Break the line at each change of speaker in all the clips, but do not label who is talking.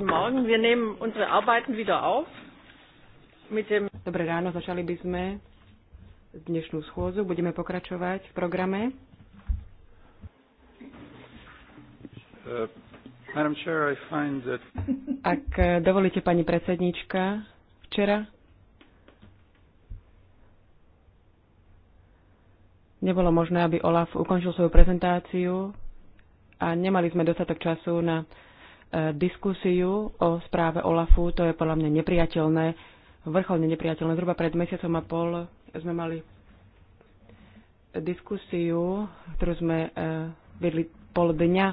Guten Morgen. Wir nehmen unsere Arbeiten wieder auf.
Mit dem Dobre ráno, začali by sme dnešnú schôzu. Budeme pokračovať v programe.
Uh, Madam Chair, I find that...
Ak dovolíte, pani predsednička, včera nebolo možné, aby Olaf ukončil svoju prezentáciu a nemali sme dostatok času na diskusiu o správe OLAFu. To je podľa mňa nepriateľné, vrcholne nepriateľné. Zhruba pred mesiacom a pol sme mali diskusiu, ktorú sme e, vedli pol dňa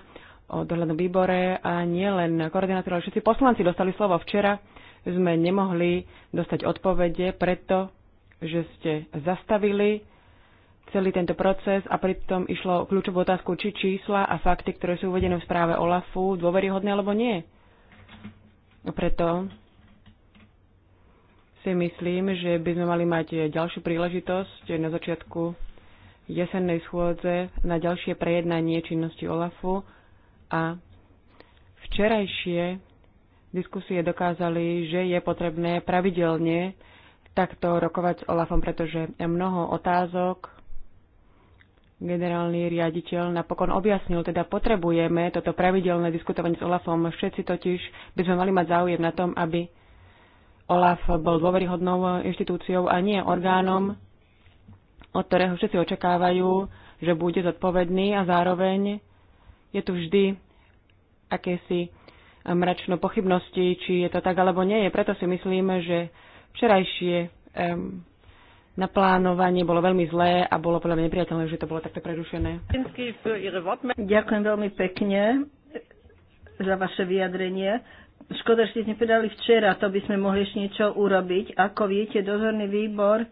o dohľadnom výbore a nielen koordinátor, ale všetci poslanci dostali slovo. Včera sme nemohli dostať odpovede, preto že ste zastavili celý tento proces a pritom išlo kľúčovú otázku, či čísla a fakty, ktoré sú uvedené v správe OLAFu, dôveryhodné alebo nie. Preto si myslím, že by sme mali mať ďalšiu príležitosť na začiatku jesennej schôdze na ďalšie prejednanie činnosti OLAFu a včerajšie diskusie dokázali, že je potrebné pravidelne takto rokovať s OLAFom, pretože mnoho otázok generálny riaditeľ napokon objasnil, teda potrebujeme toto pravidelné diskutovanie s Olafom. Všetci totiž by sme mali mať záujem na tom, aby Olaf bol dôveryhodnou inštitúciou a nie orgánom, od ktorého všetci očakávajú, že bude zodpovedný a zároveň je tu vždy akési mračno pochybnosti, či je to tak alebo nie Preto si myslím, že včerajšie um, naplánovanie bolo veľmi zlé a bolo podľa mňa nepriateľné, že to bolo takto prerušené. Ďakujem veľmi pekne
za vaše vyjadrenie. Škoda, že ste predali včera, to by sme mohli ešte niečo urobiť. Ako viete, dozorný výbor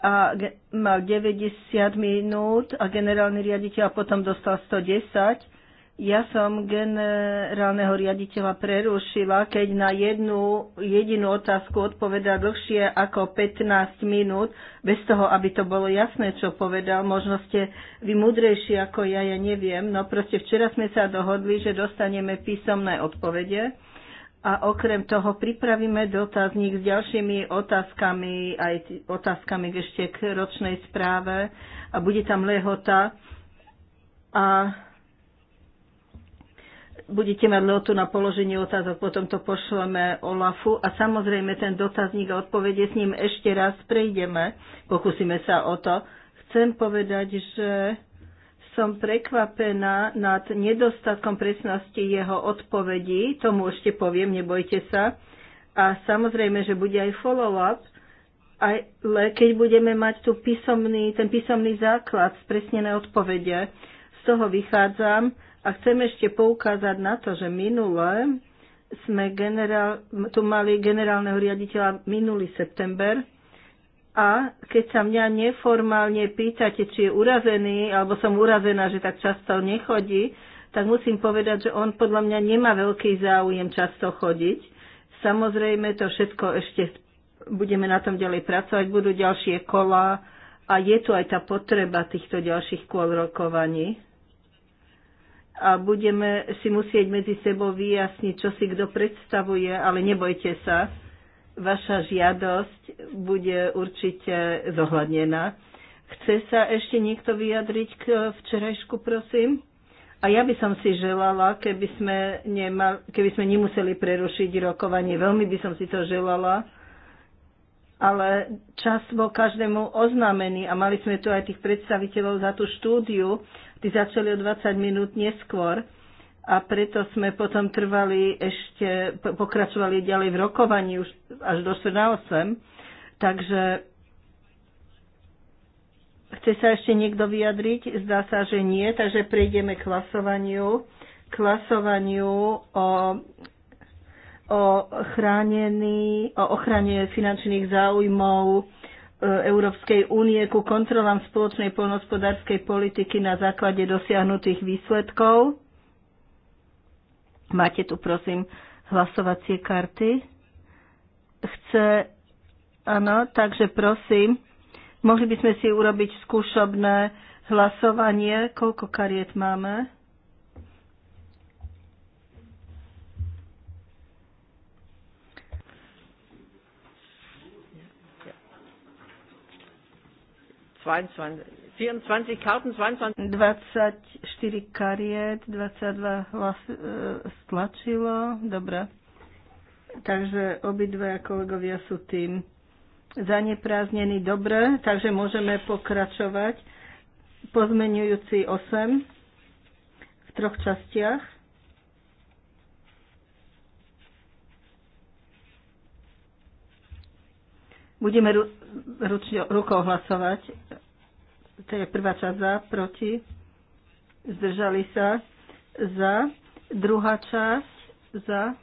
a mal 90 minút a generálny riaditeľ potom dostal 110 ja som generálneho riaditeľa prerušila, keď na jednu jedinú otázku odpovedá dlhšie ako 15 minút, bez toho, aby to bolo jasné, čo povedal. Možno ste vy múdrejší ako ja, ja neviem. No proste včera sme sa dohodli, že dostaneme písomné odpovede a okrem toho pripravíme dotazník s ďalšími otázkami, aj otázkami ešte k ročnej správe a bude tam lehota. A budete mať lotu na položenie otázok, potom to pošleme Olafu a samozrejme ten dotazník a odpovede s ním ešte raz prejdeme, pokúsime sa o to. Chcem povedať, že som prekvapená nad nedostatkom presnosti jeho odpovedí, tomu ešte poviem, nebojte sa. A samozrejme, že bude aj follow-up, le, keď budeme mať tu písomný, ten písomný základ, presnené odpovede, z toho vychádzam, a chcem ešte poukázať na to, že minule sme generál, tu mali generálneho riaditeľa minulý september a keď sa mňa neformálne pýtate, či je urazený, alebo som urazená, že tak často nechodí, tak musím povedať, že on podľa mňa nemá veľký záujem často chodiť. Samozrejme, to všetko ešte budeme na tom ďalej pracovať, budú ďalšie kola a je tu aj tá potreba týchto ďalších kôl rokovaní a budeme si musieť medzi sebou vyjasniť, čo si kto predstavuje, ale nebojte sa, vaša žiadosť bude určite zohľadnená. Chce sa ešte niekto vyjadriť k včerajšku, prosím? A ja by som si želala, keby sme, nemal, keby sme nemuseli prerušiť rokovanie, veľmi by som si to želala, ale čas bol každému oznámený a mali sme tu aj tých predstaviteľov za tú štúdiu Tí začali o 20 minút neskôr a preto sme potom trvali ešte, pokračovali ďalej v rokovaní už až do 4 na 8. Takže chce sa ešte niekto vyjadriť? Zdá sa, že nie, takže prejdeme k hlasovaniu. K hlasovaniu o o, chránený, o ochrane finančných záujmov E, Európskej únie ku kontrolám spoločnej poľnohospodárskej politiky na základe dosiahnutých výsledkov. Máte tu, prosím, hlasovacie karty. Chce, áno, takže prosím, mohli by sme si urobiť skúšobné hlasovanie. Koľko kariet máme?
24 Karten, 22.
24 kariet, 22 hlas e, stlačilo, dobre. Takže obidva kolegovia sú tým zanepráznení, dobre, takže môžeme pokračovať. Pozmenujúci 8 v troch častiach. Budeme ru, ručne, rukou hlasovať to je prvá časť za, proti, zdržali sa, za, druhá časť za,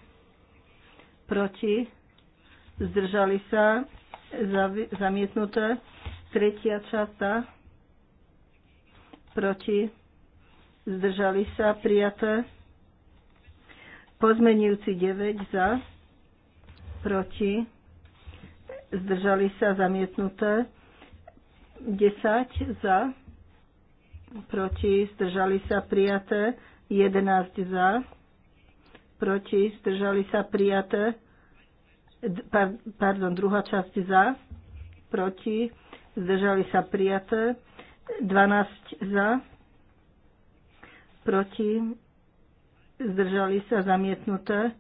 proti, zdržali sa, za, zamietnuté, tretia časť za, proti, zdržali sa, prijaté, pozmenujúci 9 za, proti, zdržali sa, zamietnuté, 10 za, proti, zdržali sa prijaté, 11 za, proti, zdržali sa prijaté, pardon, druhá časť za, proti, zdržali sa prijaté, 12 za, proti, zdržali sa zamietnuté,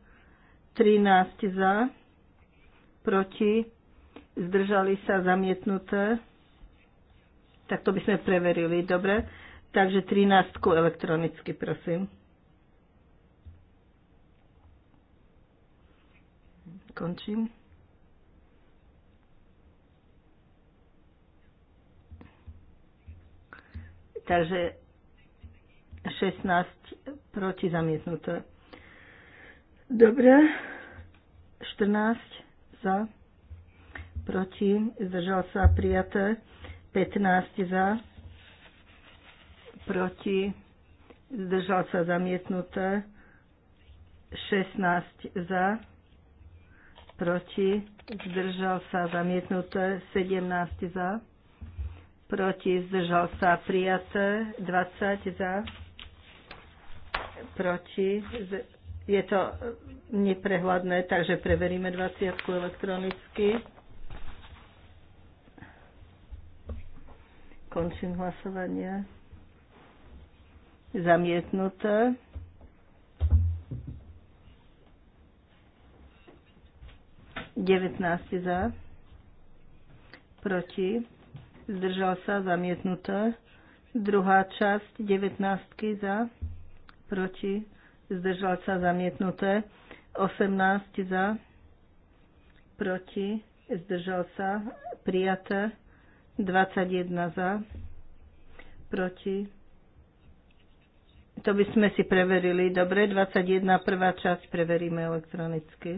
13 za, proti, zdržali sa zamietnuté, tak to by sme preverili, dobre. Takže 13 elektronicky, prosím. Končím. Takže 16 proti zamietnuté. Dobre. 14 za. Proti. Zdržal sa prijaté. 15 za, proti, zdržal sa zamietnuté, 16 za, proti, zdržal sa zamietnuté, 17 za, proti, zdržal sa prijaté, 20 za, proti, je to neprehľadné, takže preveríme 20 elektronicky. Končím hlasovanie. Zamietnuté. Devetnácti za. Proti. Zdržal sa. Zamietnuté. Druhá časť. Devetnáctky za. Proti. Zdržal sa. Zamietnuté. Osemnáct za. Proti. Zdržal sa. Prijaté. 21 za, proti. To by sme si preverili. Dobre, 21 prvá časť preveríme elektronicky.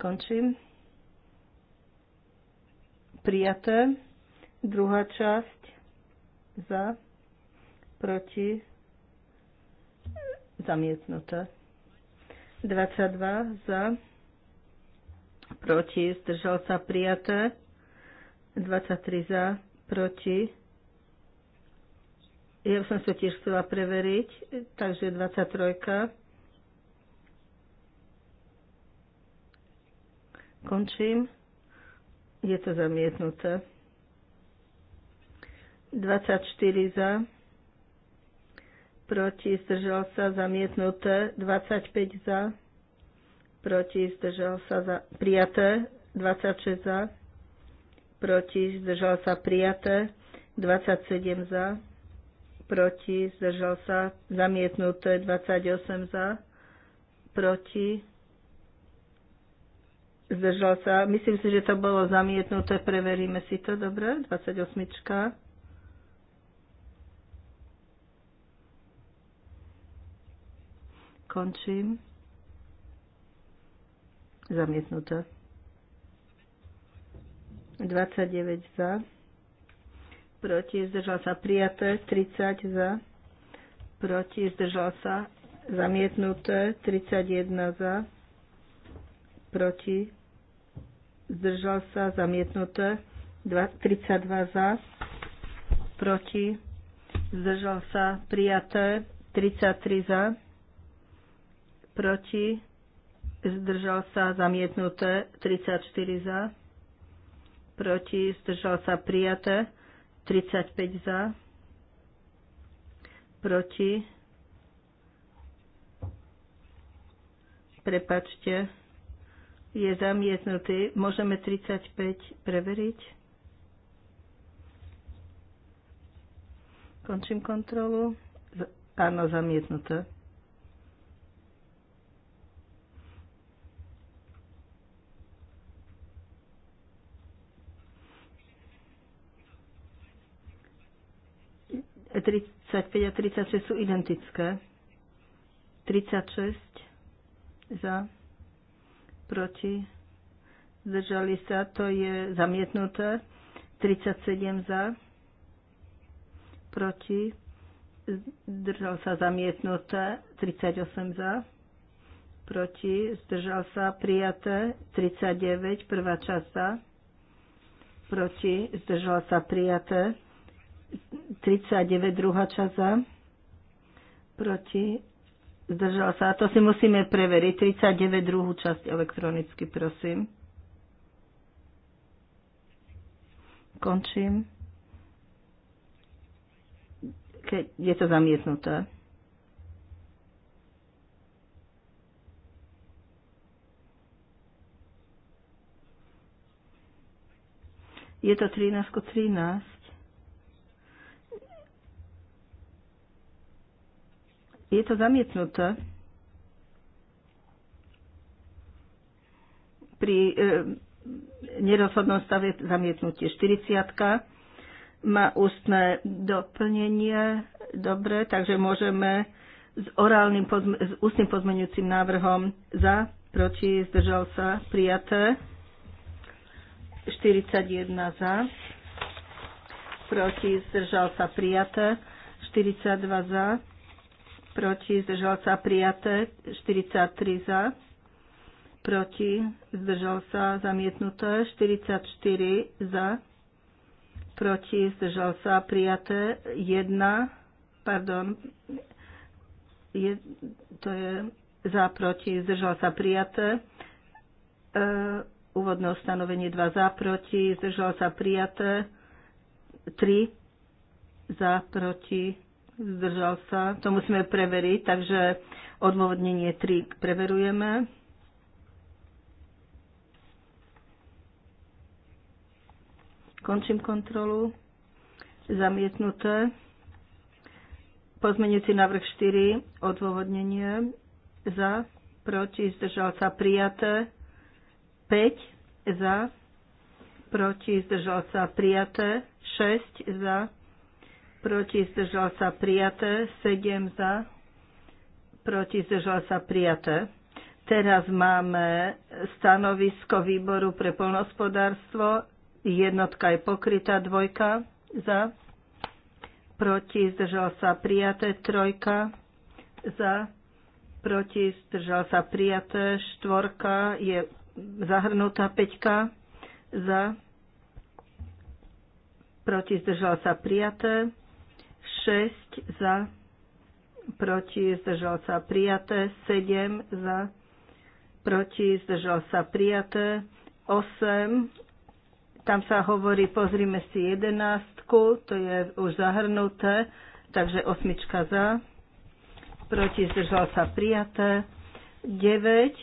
Končím. Prijaté. Druhá časť za, proti, zamietnuté. 22 za, proti, zdržal sa prijaté. 23 za, proti. Ja som sa tiež chcela preveriť, takže 23. Končím. Je to zamietnuté. 24 za, proti, zdržal sa, zamietnuté. 25 za, proti, zdržal sa za, prijaté, 26 za, proti, zdržal sa prijaté, 27 za, proti, zdržal sa zamietnuté, 28 za, proti, zdržal sa. Myslím si, že to bolo zamietnuté, preveríme si to, dobre, 28. Končím. Zamietnuté. 29 za. Proti zdržal sa prijaté. 30 za. Proti zdržal sa zamietnuté. 31 za. Proti zdržal sa zamietnuté. 32 za. Proti zdržal sa prijaté. 33 za. Proti zdržal sa zamietnuté, 34 za, proti, zdržal sa prijaté, 35 za, proti, prepačte, je zamietnutý, môžeme 35 preveriť. Končím kontrolu. Áno, zamietnuté. 35 a 36 sú identické. 36 za, proti, zdržali sa, to je zamietnuté. 37 za, proti, zdržal sa zamietnuté. 38 za, proti, zdržal sa, prijaté. 39, prvá časť za, proti, zdržal sa, prijaté. 39, druhá časť za, proti, zdržal sa. A to si musíme preveriť. 39, druhú časť elektronicky, prosím. Končím. Keď je to zamietnuté. Je to 13 13. Je to zamietnuté. Pri e, nerozhodnom stave zamietnutie 40 má ústne doplnenie. Dobre, takže môžeme s, orálnym, s ústnym pozmeňujúcim návrhom za, proti, zdržal sa, prijaté. 41 za proti, zdržal sa prijaté, 42 za, proti, zdržal sa prijaté, 43 za, proti, zdržal sa zamietnuté, 44 za, proti, zdržal sa prijaté, 1, pardon, je, to je za, proti, zdržal sa prijaté, e, úvodné ustanovenie 2 za, proti, zdržal sa prijaté, 3 za, proti, zdržal sa, to musíme preveriť, takže odôvodnenie 3 preverujeme. Končím kontrolu. Zamietnuté. Pozmenujúci návrh 4, odôvodnenie za, proti, zdržal sa, prijaté. 5 za, proti, zdržal sa, prijaté. 6 za, proti zdržal sa prijaté, 7 za, proti zdržal sa prijaté. Teraz máme stanovisko výboru pre polnospodárstvo, jednotka je pokrytá, dvojka za, proti zdržal sa prijaté, trojka za, proti zdržal sa prijaté, štvorka je zahrnutá, peťka za, proti zdržal sa prijaté, 6 za, proti, zdržal sa prijaté, 7 za, proti, zdržal sa prijaté, 8, tam sa hovorí, pozrime si 11, to je už zahrnuté, takže osmička za, proti, zdržal sa prijaté, 9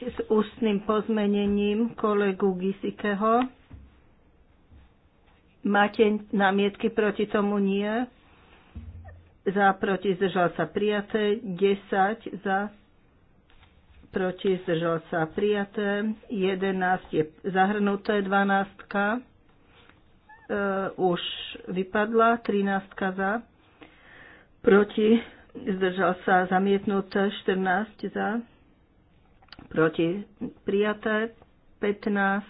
s ústnym pozmenením kolegu Gisikeho. Máte námietky proti tomu? Nie za, proti, zdržal sa prijaté, 10 za, proti, zdržal sa prijaté, 11 je zahrnuté, 12 e, už vypadla, 13 za, proti, zdržal sa zamietnuté, 14 za, proti, prijaté, 15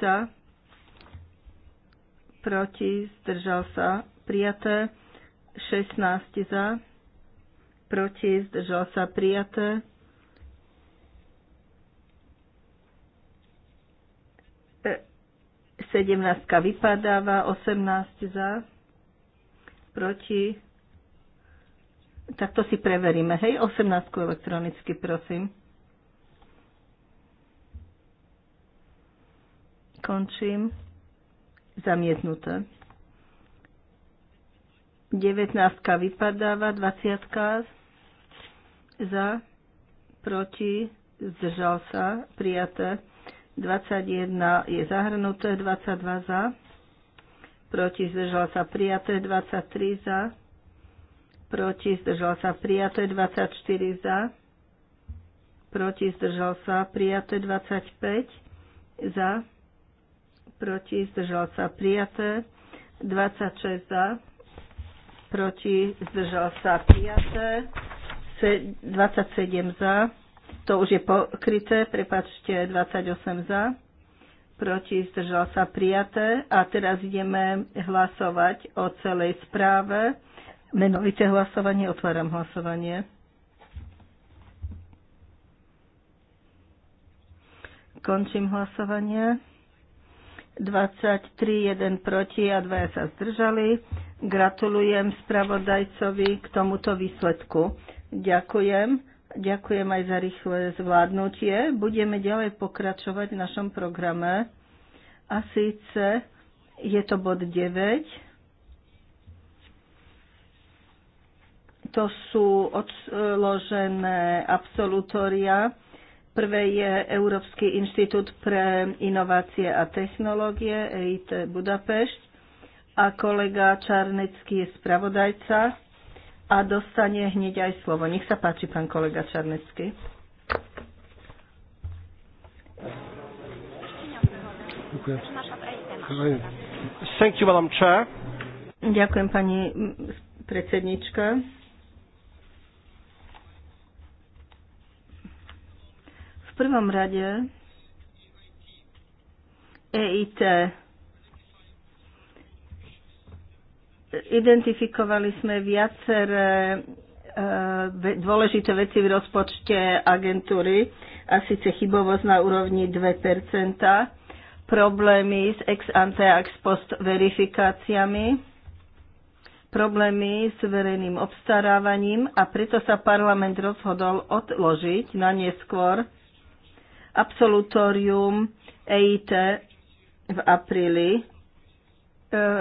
za, proti, zdržal sa, prijaté. 16 za, proti, zdržal sa, prijaté. 17 e, vypadáva, 18 za, proti. Tak to si preveríme. Hej, 18 elektronicky, prosím. Končím zamietnuté. 19 vypadáva, 20 za, proti, zdržal sa, prijaté. 21 je zahrnuté, 22 za, proti, zdržal sa, prijaté, 23 za, proti, zdržal sa, prijaté, 24 za, proti, zdržal sa, prijaté, 25 za, proti, zdržal sa prijaté, 26 za, proti, zdržal sa prijaté, 27 za, to už je pokryté, prepačte, 28 za, proti, zdržal sa prijaté. A teraz ideme hlasovať o celej správe. Menovité hlasovanie, otváram hlasovanie. Končím hlasovanie. 23, 1 proti a 2 sa zdržali. Gratulujem spravodajcovi k tomuto výsledku. Ďakujem. Ďakujem aj za rýchle zvládnutie. Budeme ďalej pokračovať v našom programe. A síce je to bod 9. To sú odložené absolutória Prvé je Európsky inštitút pre inovácie a technológie EIT Budapešť a kolega Čarnecký je spravodajca a dostane hneď aj slovo. Nech sa páči, pán kolega Čarnecký. Ďakujem, pani predsednička. prvom rade EIT identifikovali sme viaceré e, dôležité veci v rozpočte agentúry a síce chybovosť na úrovni 2%, problémy s ex ante a ex post verifikáciami, problémy s verejným obstarávaním a preto sa parlament rozhodol odložiť na neskôr absolutórium EIT v apríli. E,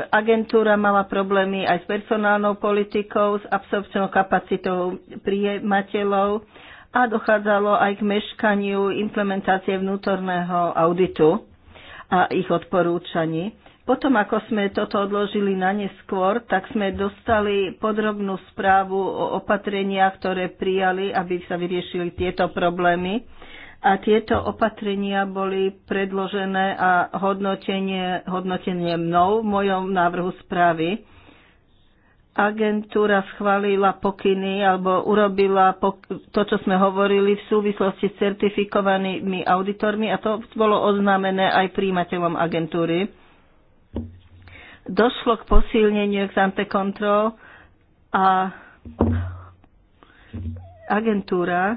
agentúra mala problémy aj s personálnou politikou, s absorpčnou kapacitou prijemateľov a dochádzalo aj k meškaniu implementácie vnútorného auditu a ich odporúčaní. Potom, ako sme toto odložili na neskôr, tak sme dostali podrobnú správu o opatreniach, ktoré prijali, aby sa vyriešili tieto problémy a tieto opatrenia boli predložené a hodnotenie, hodnotenie mnou v mojom návrhu správy. Agentúra schválila pokyny alebo urobila pok- to, čo sme hovorili v súvislosti s certifikovanými auditormi a to bolo oznámené aj príjimateľom agentúry. Došlo k posilneniu ex ante kontrol a agentúra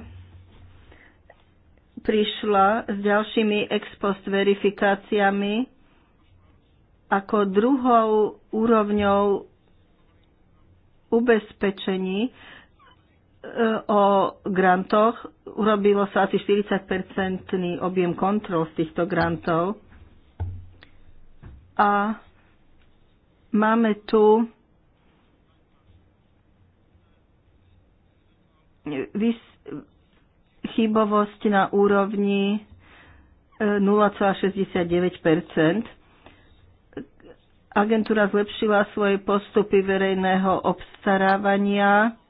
prišla s ďalšími ex post verifikáciami ako druhou úrovňou ubezpečení e, o grantoch. Urobilo sa asi 40-percentný objem kontrol z týchto grantov. A máme tu vys- chybovosť na úrovni 0,69 e, Agentúra zlepšila svoje postupy verejného obstarávania,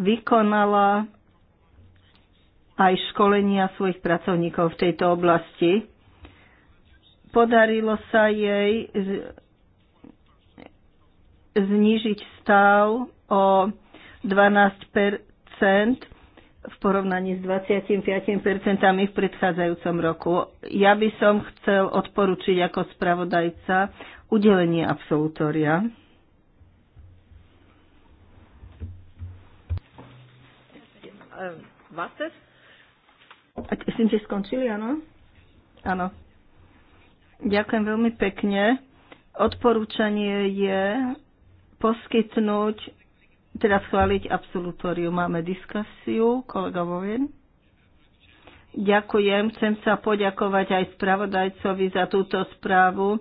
vykonala aj školenia svojich pracovníkov v tejto oblasti. Podarilo sa jej znížiť stav o 12 v porovnaní s 25% v predchádzajúcom roku. Ja by som chcel odporučiť ako spravodajca udelenie absolutória. Váster? A skončili, áno? Áno. Ďakujem veľmi pekne. Odporúčanie je poskytnúť teda schváliť absolutórium. Máme diskusiu, kolega Vovin. Ďakujem. Chcem sa poďakovať aj spravodajcovi za túto správu.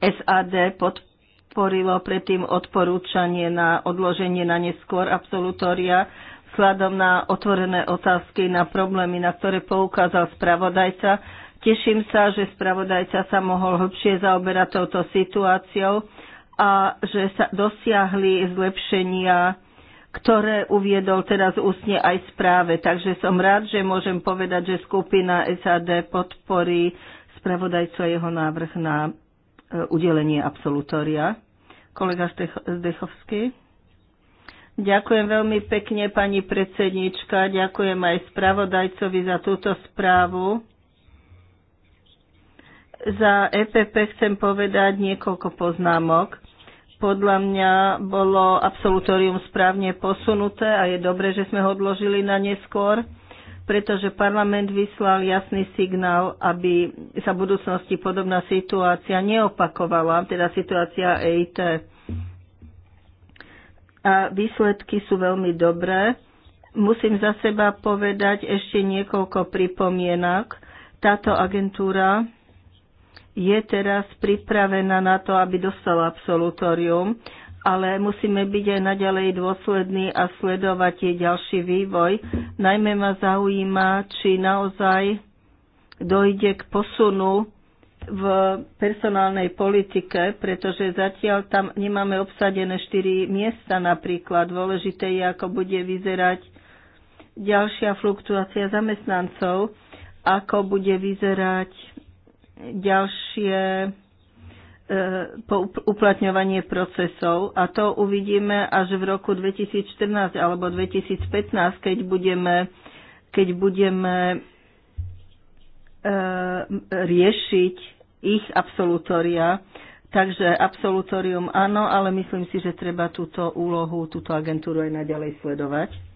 SAD podporilo predtým odporúčanie na odloženie na neskôr absolutória vzhľadom na otvorené otázky, na problémy, na ktoré poukázal spravodajca. Teším sa, že spravodajca sa mohol hlbšie zaoberať touto situáciou a že sa dosiahli zlepšenia, ktoré uviedol teraz ústne aj správe. Takže som rád, že môžem povedať, že skupina SAD podporí spravodajcu a jeho návrh na e, udelenie absolutória. Kolega Zdechovský. Ďakujem veľmi pekne, pani predsednička. Ďakujem aj spravodajcovi za túto správu. Za EPP chcem povedať niekoľko poznámok podľa mňa bolo absolutórium správne posunuté a je dobré, že sme ho odložili na neskôr, pretože parlament vyslal jasný signál, aby sa v budúcnosti podobná situácia neopakovala, teda situácia EIT. A výsledky sú veľmi dobré. Musím za seba povedať ešte niekoľko pripomienok. Táto agentúra je teraz pripravená na to, aby dostala absolutórium, ale musíme byť aj naďalej dôslední a sledovať jej ďalší vývoj. Najmä ma zaujíma, či naozaj dojde k posunu v personálnej politike, pretože zatiaľ tam nemáme obsadené 4 miesta napríklad. Dôležité je, ako bude vyzerať ďalšia fluktuácia zamestnancov, ako bude vyzerať ďalšie e, uplatňovanie procesov a to uvidíme až v roku 2014 alebo 2015, keď budeme, keď budeme e, riešiť ich absolutória. Takže absolutórium áno, ale myslím si, že treba túto úlohu, túto agentúru aj naďalej
sledovať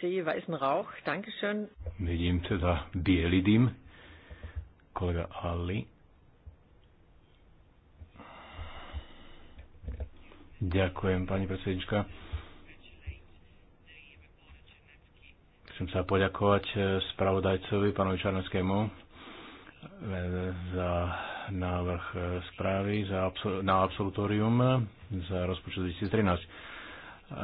sehe weißen Rauch. Dankeschön.
Vidím teda biely dym. Kolega Ali. Ďakujem, pani predsednička. Chcem sa poďakovať eh, spravodajcovi, pánovi Čarneckému, eh, za návrh eh, správy za absol- na absolutorium za rozpočet 2013 Eh,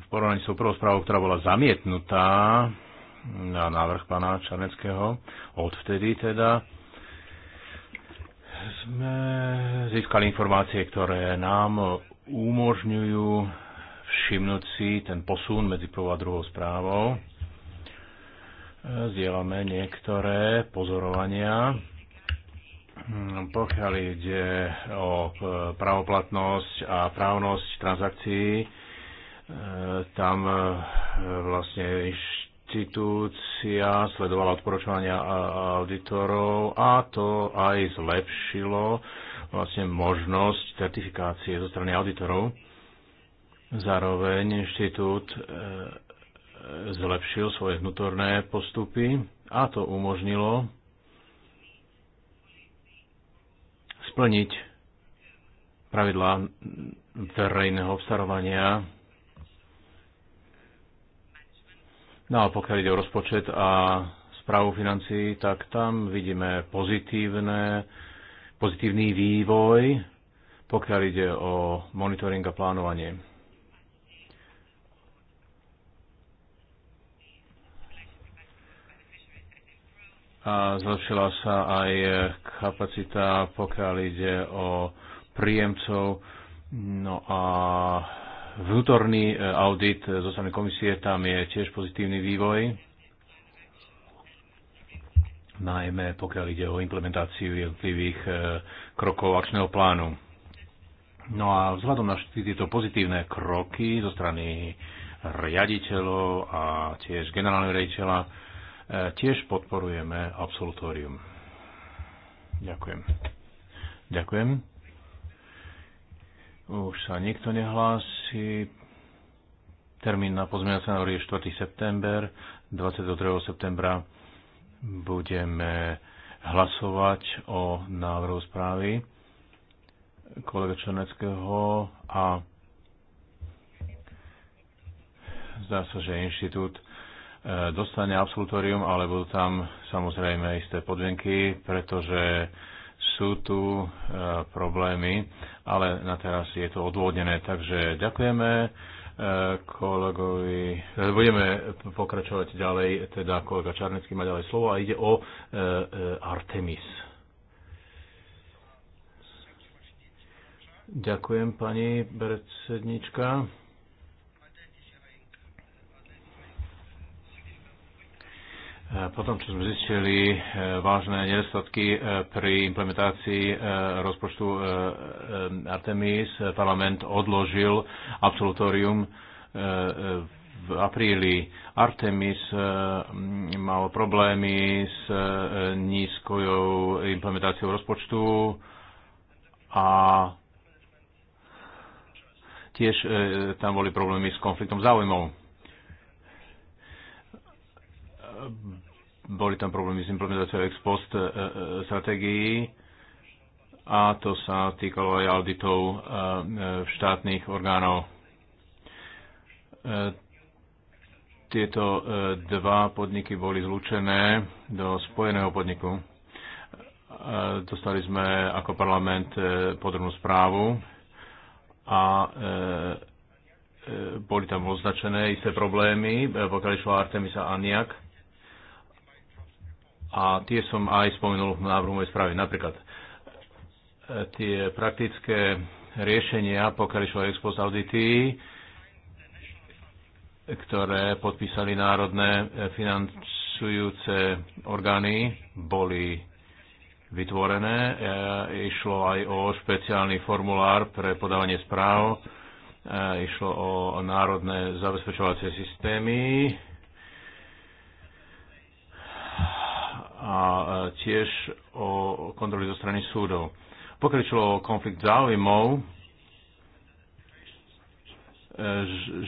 v porovnaní s tou prvou správou, ktorá bola zamietnutá na návrh pána Čarneckého, odvtedy teda sme získali informácie, ktoré nám umožňujú všimnúť si ten posun medzi prvou a druhou správou. Eh, zdieľame niektoré pozorovania Mm, pokiaľ ide o e, pravoplatnosť a právnosť transakcií, e, tam e, vlastne inštitúcia sledovala odporúčania auditorov a to aj zlepšilo vlastne možnosť certifikácie zo strany auditorov. Zároveň inštitút zlepšil svoje vnútorné postupy a to umožnilo splniť pravidlá verejného obstarovania. No a pokiaľ ide o rozpočet a správu financií, tak tam vidíme pozitívne, pozitívny vývoj, pokiaľ ide o monitoring a plánovanie. a zlepšila sa aj eh, kapacita, pokiaľ ide o príjemcov. No a vnútorný eh, audit zo strany komisie, tam je tiež pozitívny vývoj, najmä pokiaľ ide o implementáciu jednotlivých eh, krokov akčného plánu. No a vzhľadom na všetky tieto pozitívne kroky zo strany riaditeľov a tiež generálneho riaditeľa, tiež podporujeme absolutórium. Ďakujem. Ďakujem. Už sa nikto nehlási. Termín na pozmeňovacie návrhy je 4. september. 23. septembra budeme hlasovať o návrhu správy kolega Černeckého a zdá sa, že inštitút dostane absolutórium, budú tam samozrejme isté podmienky, pretože sú tu e, problémy, ale na teraz je to odvodnené. Takže ďakujeme e, kolegovi. E, budeme pokračovať ďalej, teda kolega Čarnecký má ďalej slovo a ide o Artemis. Ďakujem pani predsednička. E, Potom, čo sme zistili e, vážne nedostatky e, pri implementácii rozpočtu Artemis, parlament odložil absolutórium v apríli. Artemis mal problémy s nízkou implementáciou rozpočtu a tiež tam boli problémy s konfliktom záujmov boli tam problémy s implementáciou ex post e, e, strategií a to sa týkalo aj auditov e, štátnych orgánov. Tieto dva podniky boli zlúčené do spojeného podniku. Dostali sme ako parlament podrobnú správu a boli tam označené isté problémy, pokiaľ išlo Artemisa Aniak a tie som aj spomenul v návrhu mojej správy. Napríklad e, tie praktické riešenia, pokiaľ šlo ex audity, ktoré podpísali národné financujúce orgány, boli vytvorené. E, išlo aj o špeciálny formulár pre podávanie správ, e, išlo o národné zabezpečovacie systémy, a e, tiež o kontroly zo strany súdov. Pokiaľ išlo o konflikt záujmov, e,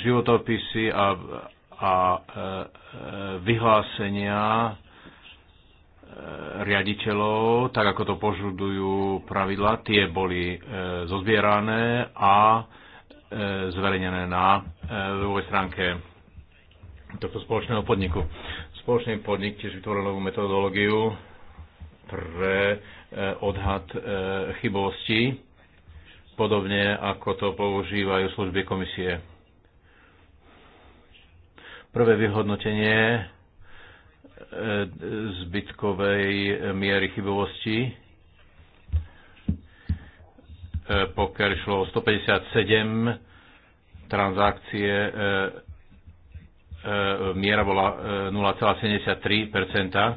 životopisy a, a e, vyhlásenia riaditeľov, tak ako to požudujú pravidla, tie boli zozbierané a zverejnené na druhej stránke tohto spoločného podniku. Spoločný podnik tiež vytvoril novú metodológiu pre eh, odhad eh, chybovosti podobne ako to používajú služby komisie. Prvé vyhodnotenie eh, zbytkovej miery chybovosti, pokiaľ išlo o 157 transakcie E, miera bola 0,73 e,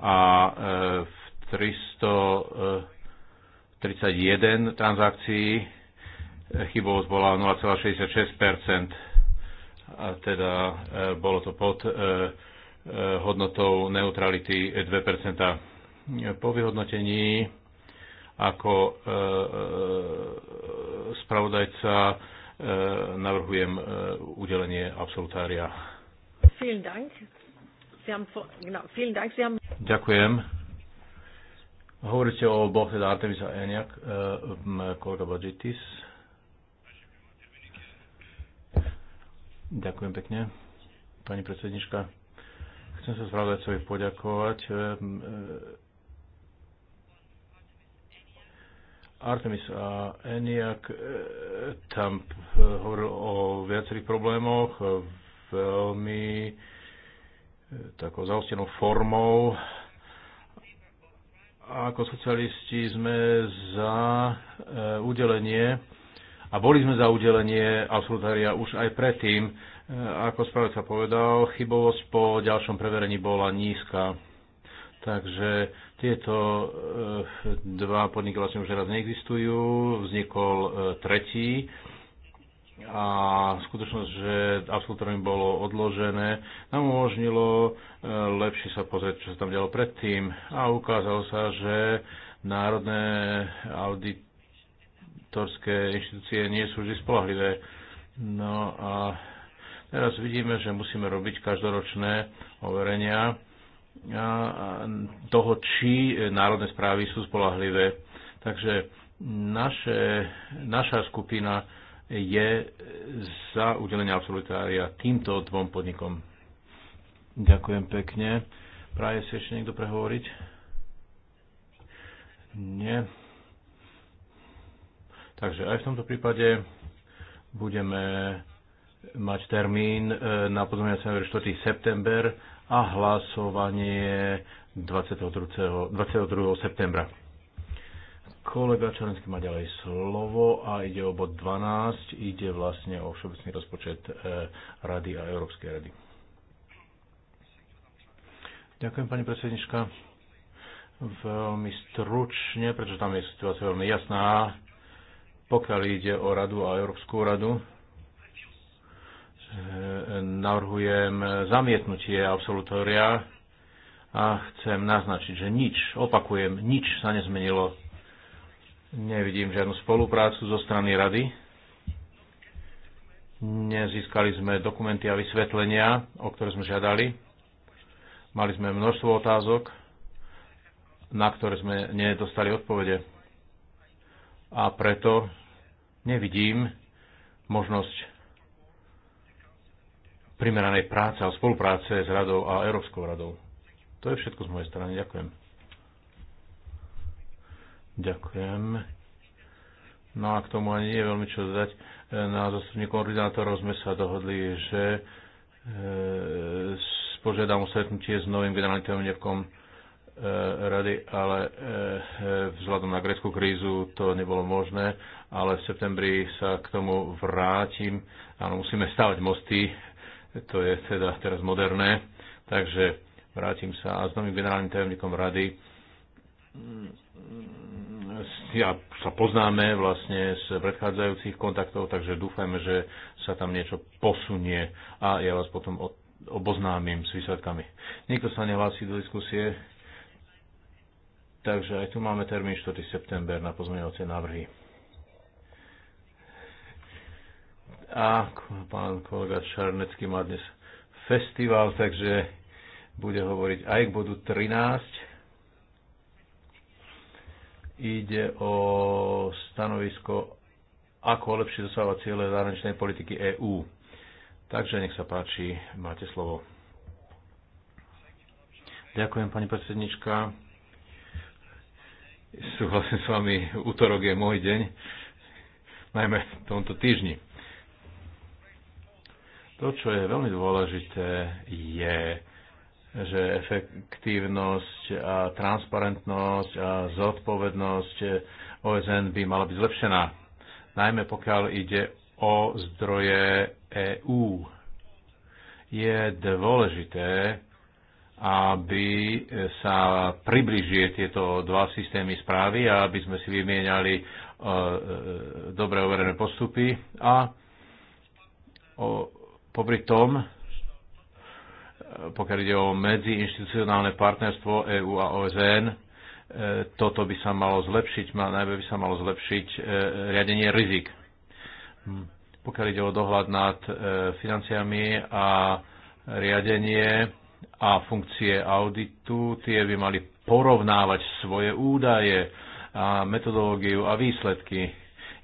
a e, v 331 transakcií chybovosť bola 0,66 a teda bolo to pod hodnotou neutrality 2 Po vyhodnotení ako spravodajca navrhujem e, udelenie absolutária. Ďakujem. Hovoríte o oboch, teda Artemis a Eniak, e, kolega Bajitis. Ďakujem pekne, pani predsednička. Chcem sa spravodajcovi poďakovať e, Artemis a Eniak e, tam e, hovoril o viacerých problémoch e, veľmi takou zaostenou formou. A ako socialisti sme za udelenie a boli sme za udelenie absolutária už aj predtým. ako sa povedal, chybovosť po ďalšom preverení bola nízka Takže tieto eh, dva podniky vlastne už raz neexistujú, vznikol eh, tretí a skutočnosť, že absolútorium bolo odložené, nám umožnilo eh, lepšie sa pozrieť, čo sa tam dialo predtým a ukázalo sa, že národné auditorské inštitúcie nie sú vždy spolahlivé. No a teraz vidíme, že musíme robiť každoročné overenia toho, či národné správy sú spolahlivé. Takže naše, naša skupina je za udelenie absolutária týmto dvom podnikom. Ďakujem pekne. Praje si ešte niekto prehovoriť? Nie. Takže aj v tomto prípade budeme mať termín e, na pozornosť 4. september a hlasovanie 22. 22. septembra. Kolega Čarenský má ďalej slovo a ide o bod 12, ide vlastne o všeobecný rozpočet e, Rady a Európskej rady. Ďakujem, pani predsednička. Veľmi stručne, pretože tam je situácia veľmi jasná, pokiaľ ide o Radu a Európsku radu navrhujem zamietnutie absolutória a chcem naznačiť, že nič, opakujem, nič sa nezmenilo. Nevidím žiadnu spoluprácu zo strany rady. Nezískali sme dokumenty a vysvetlenia, o ktoré sme žiadali. Mali sme množstvo otázok, na ktoré sme nedostali odpovede. A preto nevidím možnosť primeranej práce a spolupráce s Radou a Európskou radou. To je všetko z mojej strany. Ďakujem. Ďakujem. No a k tomu ani nie je veľmi čo dodať. E, na zastupní koordinátorov sme sa dohodli, že e, požiadam o stretnutie s novým generálnym tajomníkom e, rady, ale e, e vzhľadom na greckú krízu to nebolo možné, ale v septembri sa k tomu vrátim. Áno, musíme stavať mosty to je teda teraz moderné, takže vrátim sa a s novým generálnym tajomníkom rady ja, sa poznáme vlastne z predchádzajúcich kontaktov, takže dúfajme, že sa tam niečo posunie a ja vás potom oboznámim s výsledkami. Nikto sa nehlási do diskusie, takže aj tu máme termín 4. september na pozmeňovacie návrhy. A pán kolega Čarnecký má dnes festival, takže bude hovoriť aj k bodu 13. Ide o stanovisko, ako lepšie dosávať cieľe zahraničnej politiky EÚ. Takže nech sa páči, máte slovo. Ďakujem, pani predsednička. Súhlasím s vami, útorok je môj deň, najmä v tomto týždni. To, čo je veľmi dôležité, je, že efektívnosť a transparentnosť a zodpovednosť OSN by mala byť zlepšená, najmä pokiaľ ide o zdroje EÚ. Je dôležité, aby sa približili tieto dva systémy správy a aby sme si vymieniali e, e, dobre overené postupy a Popri tom, pokiaľ ide o medziinstitucionálne partnerstvo EÚ a OSN, e, toto by sa malo zlepšiť, najmä by sa malo zlepšiť e, riadenie rizik. Hm. Pokiaľ ide o dohľad nad e, financiami a riadenie a funkcie auditu, tie by mali porovnávať svoje údaje a metodológiu a výsledky.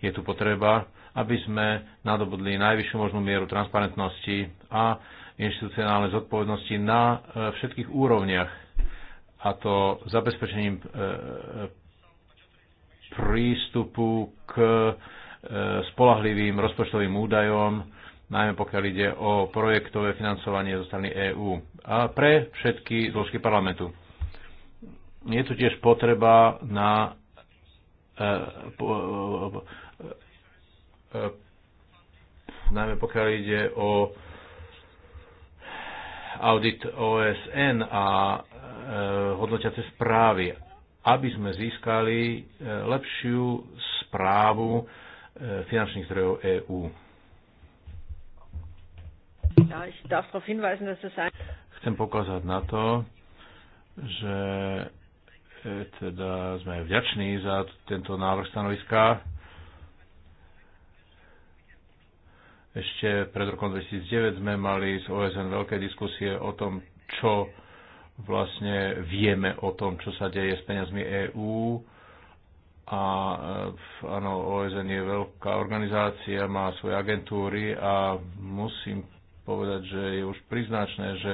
Je tu potreba aby sme nadobudli najvyššiu možnú mieru transparentnosti a inštitucionálnej zodpovednosti na e, všetkých úrovniach, a to zabezpečením e, e, prístupu k spolahlivým rozpočtovým údajom, najmä pokiaľ ide o projektové financovanie zo strany EÚ a pre všetky zložky parlamentu. Je tu tiež potreba na E, najmä pokiaľ ide o audit OSN a e, hodnotiace správy, aby sme získali e, lepšiu správu finančných zdrojov EÚ. Chcem pokázať na to, že teda sme vďační za tento návrh stanoviska Ešte pred rokom 2009 sme mali z OSN veľké diskusie o tom, čo vlastne vieme o tom, čo sa deje s peniazmi EÚ. A eh, áno, OSN je veľká organizácia, má svoje agentúry a musím povedať, že je už priznačné, že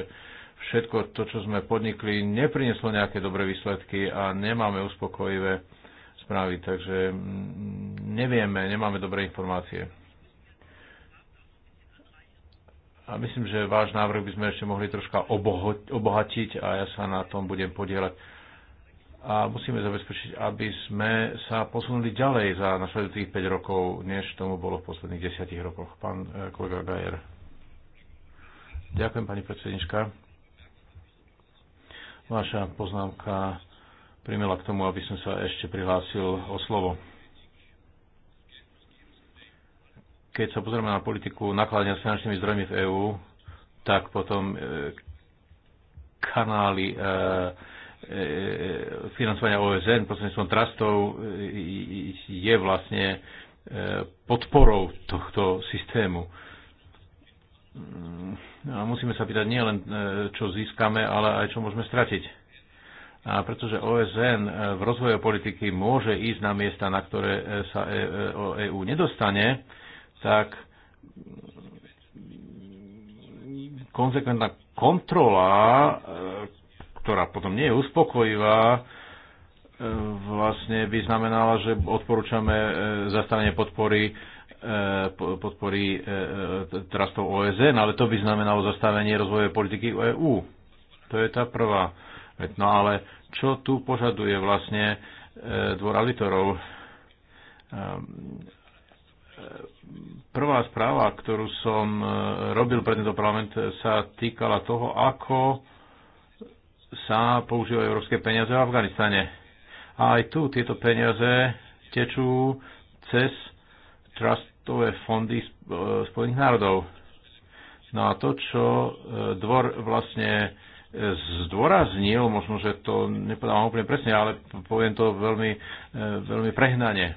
všetko to, čo sme podnikli, neprineslo nejaké dobré výsledky a nemáme uspokojivé správy, takže mm, nevieme, nemáme dobré informácie. A myslím, že váš návrh by sme ešte mohli troška obohatiť a ja sa na tom budem podielať. A musíme zabezpečiť, aby sme sa posunuli ďalej za nasledujúcich 5 rokov, než tomu bolo v posledných 10 rokoch. Pán e, kolega Gajer. Ďakujem, pani predsednička. Vaša poznámka primela k tomu, aby som sa ešte prihlásil o slovo. Keď sa pozrieme na politiku nakladania s finančnými zdrojmi v EÚ, tak potom e, kanály e, e, financovania OSN prostredníctvom trastov je vlastne podporou tohto systému. Mm, a musíme sa pýtať nie len, čo získame, ale aj čo môžeme stratiť. A pretože OSN v rozvoju politiky môže ísť na miesta, na ktoré sa EÚ nedostane, tak konzekventná kontrola, e, ktorá potom nie je uspokojivá, e, vlastne by znamenala, že odporúčame e, zastavenie podpory podpory trastov OSN, ale to by znamenalo zastavenie rozvoje politiky EÚ. To je tá prvá. No ale čo tu požaduje vlastne dvor auditorov? Ehm, E, prvá správa, ktorú som e, robil pre tento parlament, sa týkala toho, ako sa používajú európske peniaze v Afganistane. A aj tu tieto peniaze tečú cez trustové fondy e, Spojených národov. No a to, čo dvor vlastne zdôraznil, možno, že to nepodávam úplne presne, ale poviem to veľmi, veľmi prehnane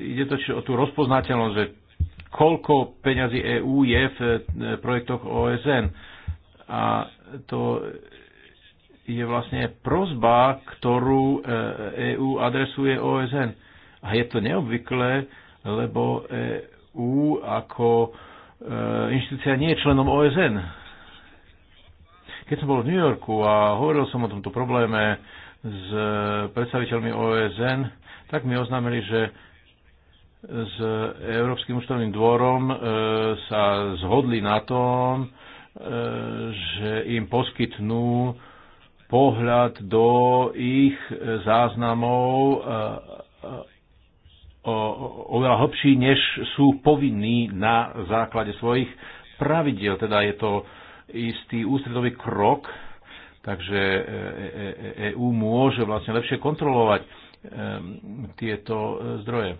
ide to o tú rozpoznateľnosť, že koľko peňazí EÚ je v e, projektoch OSN. A to je vlastne prozba, ktorú EÚ e adresuje OSN. A je to neobvyklé, lebo EÚ ako e, inštitúcia nie je členom OSN. Keď som bol v New Yorku a hovoril som o tomto probléme, s predstaviteľmi OSN, tak mi oznámili, že s Európskym účtovným dvorom e, sa zhodli na tom, e, že im poskytnú pohľad do ich záznamov e, oveľa hlbší, než sú povinní na základe svojich pravidel. Teda je to istý ústredový krok Takže EÚ e, e, e môže vlastne lepšie kontrolovať tieto zdroje.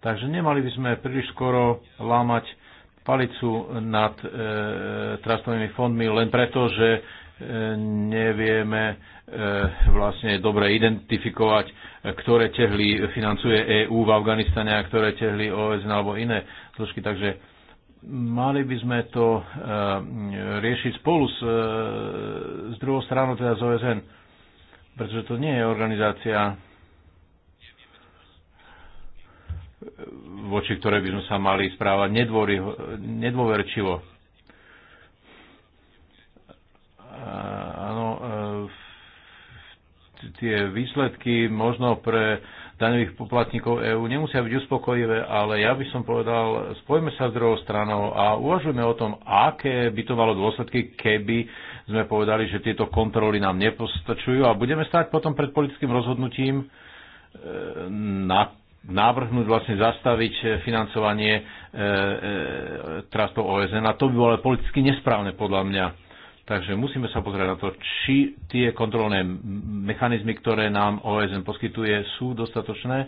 Takže nemali by sme príliš skoro lámať palicu nad e, trastovými fondmi len preto, že e, nevieme e, vlastne dobre identifikovať, ktoré tehly financuje EÚ v Afganistane a ktoré tehly OSN alebo iné zložky. Takže Mali by sme to eh, riešiť spolu s, eh, s druhou stranou, teda z OSN, pretože to nie je organizácia, eh, voči ktorej by sme sa mali správať nedvory, nedôverčivo. Áno, tie výsledky možno pre daňových poplatníkov EÚ nemusia byť uspokojivé, ale ja by som povedal, spojme sa s druhou stranou a uvažujme o tom, aké by to malo dôsledky, keby sme povedali, že tieto kontroly nám nepostačujú a budeme stať potom pred politickým rozhodnutím e, na návrhnúť vlastne zastaviť financovanie e, e, trastov OSN a to by bolo politicky nesprávne podľa mňa Takže musíme sa pozrieť na to, či tie kontrolné mechanizmy, ktoré nám OSN poskytuje, sú dostatočné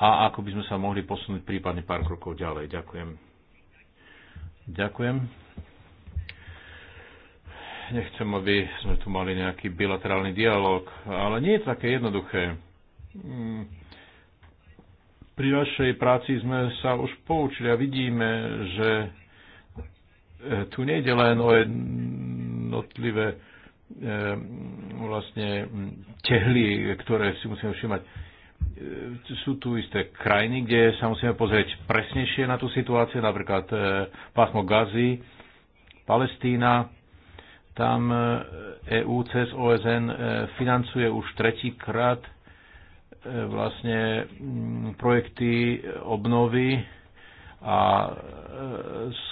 a ako by sme sa mohli posunúť prípadne pár krokov ďalej. Ďakujem. Ďakujem. Nechcem, aby sme tu mali nejaký bilaterálny dialog, ale nie je to také jednoduché. Mm. Pri našej práci sme sa už poučili a vidíme, že tu nejde len o jednu jednotlivé eh, vlastne hm, tehly, ktoré si musíme všimať. Eh, sú tu isté krajiny, kde sa musíme pozrieť presnejšie na tú situáciu, napríklad eh, pásmo Gazy, Palestína, tam EU e cez OSN financuje už tretíkrát vlastne hm, projekty obnovy a e,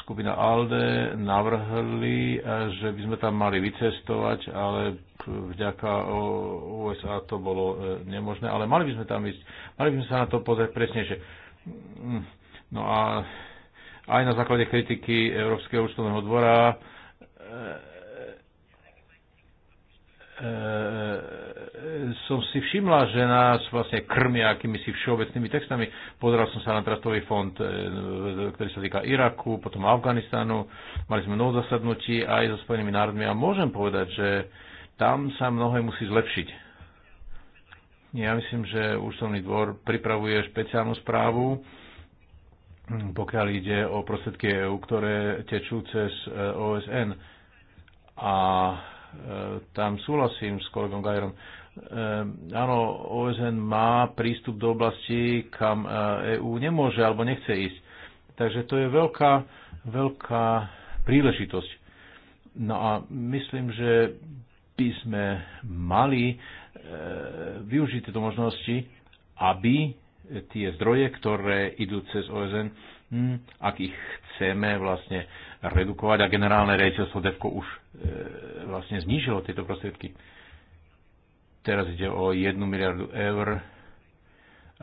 skupina ALDE navrhli, e, že by sme tam mali vycestovať, ale vďaka USA to bolo e, nemožné, ale mali by sme tam ísť, mali by sme sa na to pozrieť presnejšie. Mm, no a aj na základe kritiky Európskeho účtovného dvora E, e, som si všimla, že nás vlastne krmia akýmisi všeobecnými textami. Pozeral som sa na trastový fond, e, ktorý sa týka Iraku, potom Afganistanu. Mali sme mnoho zasadnutí aj so Spojenými národmi a môžem povedať, že tam sa mnohé musí zlepšiť. Ja myslím, že Ústavný dvor pripravuje špeciálnu správu, pokiaľ ide o prostriedky EU, ktoré tečú cez OSN. A E, tam súhlasím s kolegom Gajerom. E, áno, OSN má prístup do oblasti, kam EÚ e nemôže alebo nechce ísť. Takže to je veľká, veľká príležitosť. No a myslím, že by sme mali využiť tieto možnosti, aby tie zdroje, ktoré idú cez OSN, hm, ak ich chceme vlastne redukovať a generálne rejiteľstvo DEVKO už e, vlastne znížilo tieto prostriedky. Teraz ide o 1 miliardu eur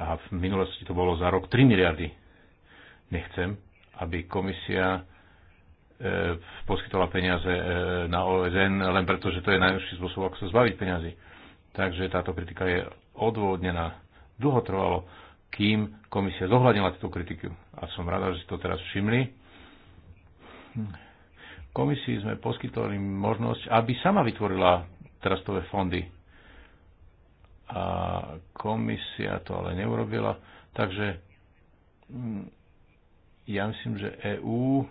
a v minulosti to bolo za rok 3 miliardy. Nechcem, aby komisia e, poskytovala peniaze e, na OSN len preto, že to je najlepší spôsob, ako sa zbaviť peniazy. Takže táto kritika je odvodnená, Dlho trvalo, kým komisia zohľadnila túto kritiku. A som rada, že si to teraz všimli Hm. komisii sme poskytovali možnosť, aby sama vytvorila trastové fondy. A komisia to ale neurobila, takže hm, ja myslím, že EÚ e,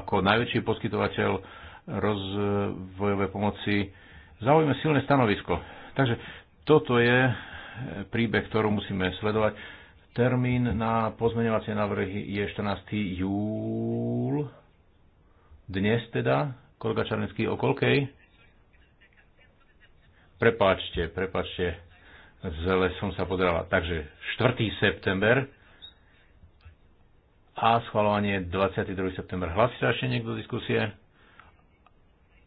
ako najväčší poskytovateľ rozvojovej pomoci zaujíme silné stanovisko. Takže toto je e, príbeh, ktorú musíme sledovať. Termín na pozmeňovacie návrhy je 14. júl dnes teda, kolega Čarnecký, o koľkej? Prepáčte, prepáčte, zle som sa podrala. Takže 4. september a schvalovanie 22. september. Hlasí sa ešte niekto diskusie?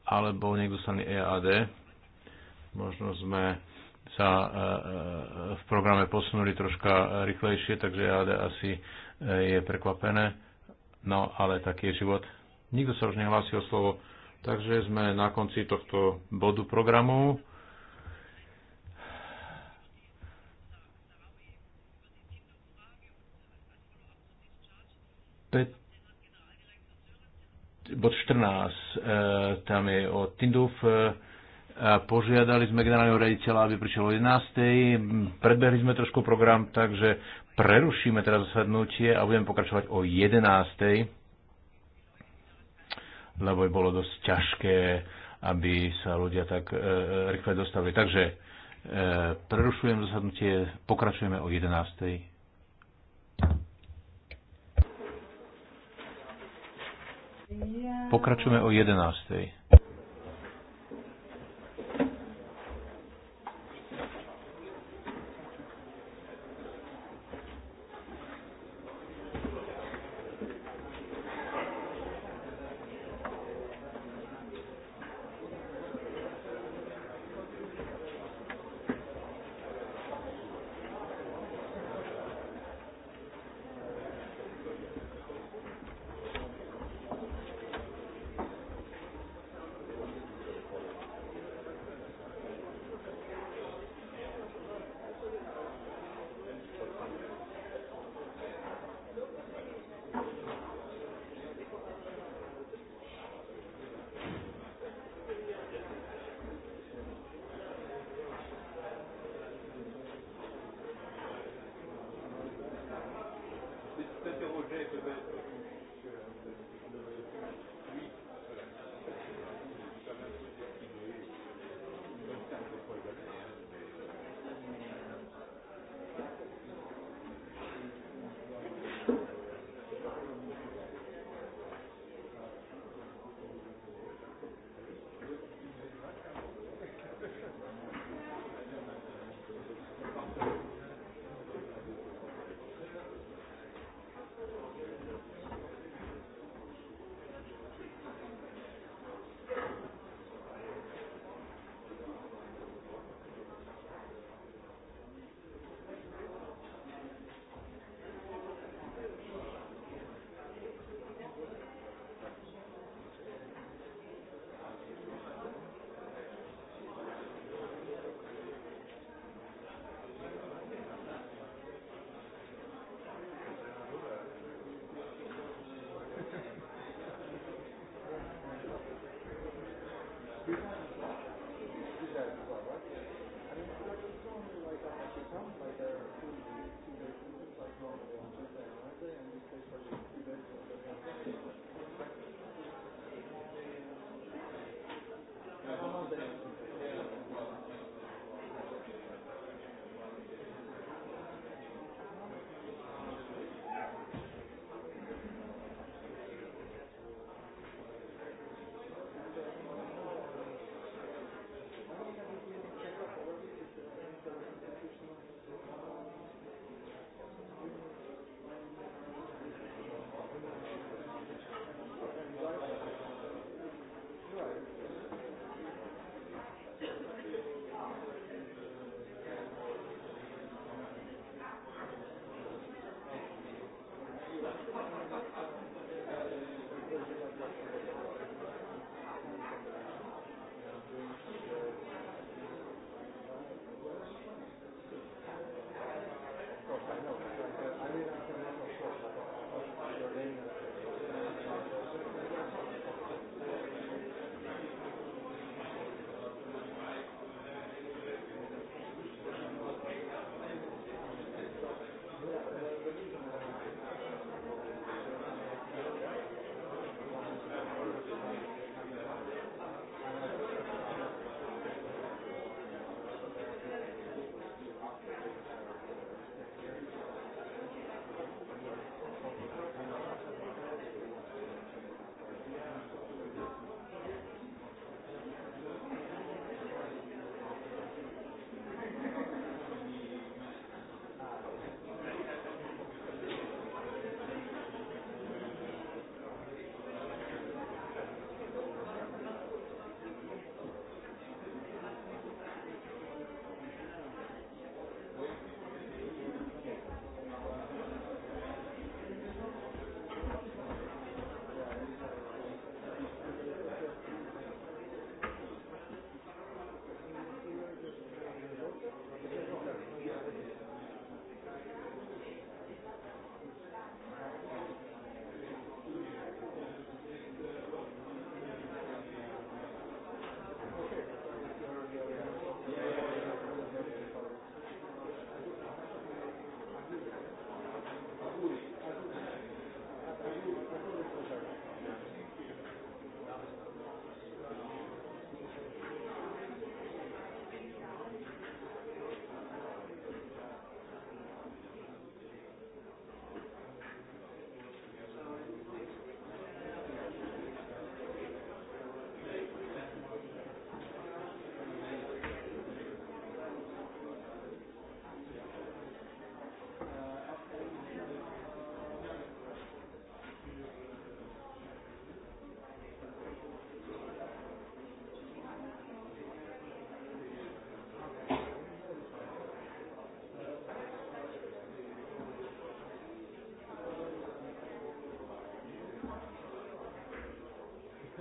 Alebo niekto sa e EAD? Možno sme sa e, e, v programe posunuli troška rýchlejšie, takže EAD asi je prekvapené. No, ale taký je život. Nikto sa už nehlási o slovo. Takže sme na konci tohto bodu programu. bod 14, e, tam je od Tinduf. E, požiadali sme generálneho rediteľa, aby prišiel o 11. Predbehli sme trošku program, takže prerušíme teraz zasadnutie a budeme pokračovať o 11 lebo by bolo dosť ťažké, aby sa ľudia tak e, e rýchle dostavili. Takže e, prerušujem zasadnutie, pokračujeme o 11. Pokračujeme o 11.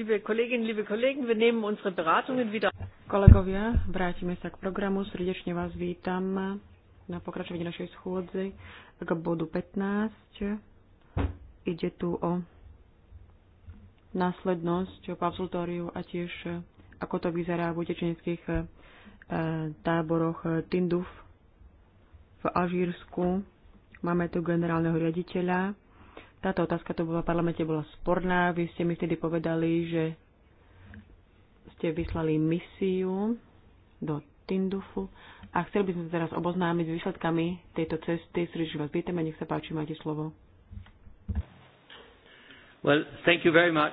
Liebe Kolleginnen, liebe Kollegen, wir nehmen unsere Beratungen wieder.
Kolegovia, vrátime sa k programu. Srdečne vás vítam na pokračovanie našej schôdze k bodu 15. Ide tu o následnosť po absolutóriu a tiež ako to vyzerá v utečeneckých eh, táboroch Tinduf v Alžírsku. Máme tu generálneho riaditeľa táto otázka tu bola v parlamente bola sporná. Vy ste mi vtedy povedali, že ste vyslali misiu do Tindufu a chceli by sme sa teraz oboznámiť s výsledkami tejto cesty. Srdečne vás vítame, nech sa páči, máte slovo.
Well, thank you very much.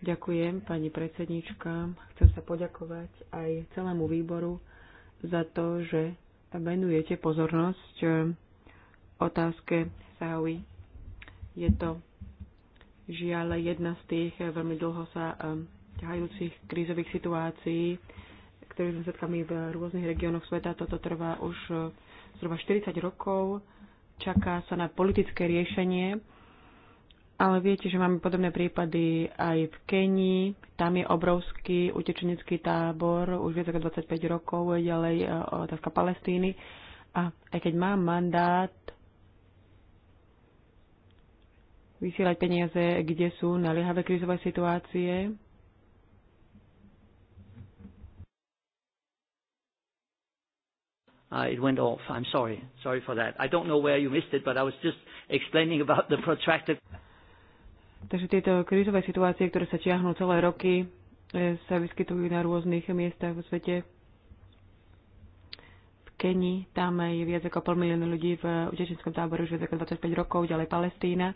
Ďakujem, pani predsednička. Chcem sa poďakovať aj celému výboru za to, že venujete pozornosť otázke Sahawi. Je to žiaľ jedna z tých eh, veľmi dlho sa eh, ťahajúcich krízových situácií, ktoré sme svetkami v rôznych regiónoch sveta. Toto trvá už eh, zhruba 40 rokov. Čaká sa na politické riešenie. Ale viete, že máme podobné prípady aj v Kenii. Tam je obrovský utečenecký tábor, už viac ako 25 rokov, ďalej otázka Palestíny. A aj keď mám mandát vysielať peniaze, kde sú
naliehavé krizové situácie. Uh, it went off. I'm sorry. Sorry for that. I don't know where you missed it, but I was just explaining about the protracted.
Takže tieto krizové situácie, ktoré sa ťahnú celé roky, e, sa vyskytujú na rôznych miestach vo svete. V Kenii tam je viac ako pol milióna ľudí v utečenskom tábore už viac ako 25 rokov, ďalej Palestína.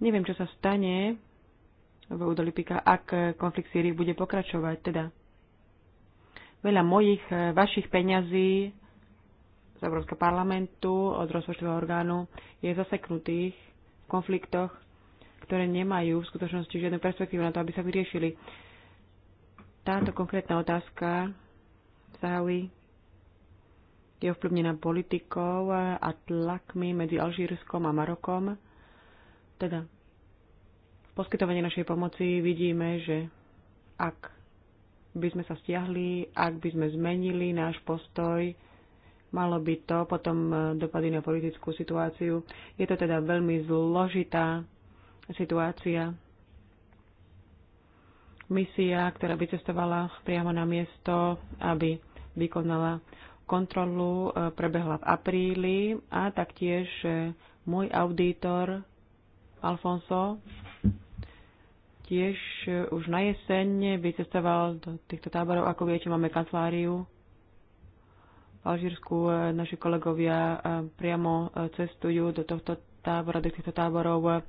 Neviem, čo sa stane v údolí Pika, ak konflikt Sýrii bude pokračovať. Teda veľa mojich, eh, vašich peňazí z Európskeho parlamentu, od rozpočtového orgánu je zaseknutých v konfliktoch, ktoré nemajú v skutočnosti žiadnu perspektívu na to, aby sa vyriešili. Táto konkrétna otázka Sahawi je ovplyvnená politikou a tlakmi medzi Alžírskom a Marokom. Teda, v poskytovaní našej pomoci vidíme, že ak by sme sa stiahli, ak by sme zmenili náš postoj, malo by to potom e, dopady na politickú situáciu. Je to teda veľmi zložitá situácia. Misia, ktorá by cestovala priamo na miesto, aby vykonala kontrolu, e, prebehla v apríli a taktiež e, môj auditor Alfonso tiež e, už na jeseň vycestoval do týchto táborov. Ako viete, máme kanceláriu v Alžírsku. E, naši kolegovia e, priamo cestujú do tohto tábora, do týchto táborov.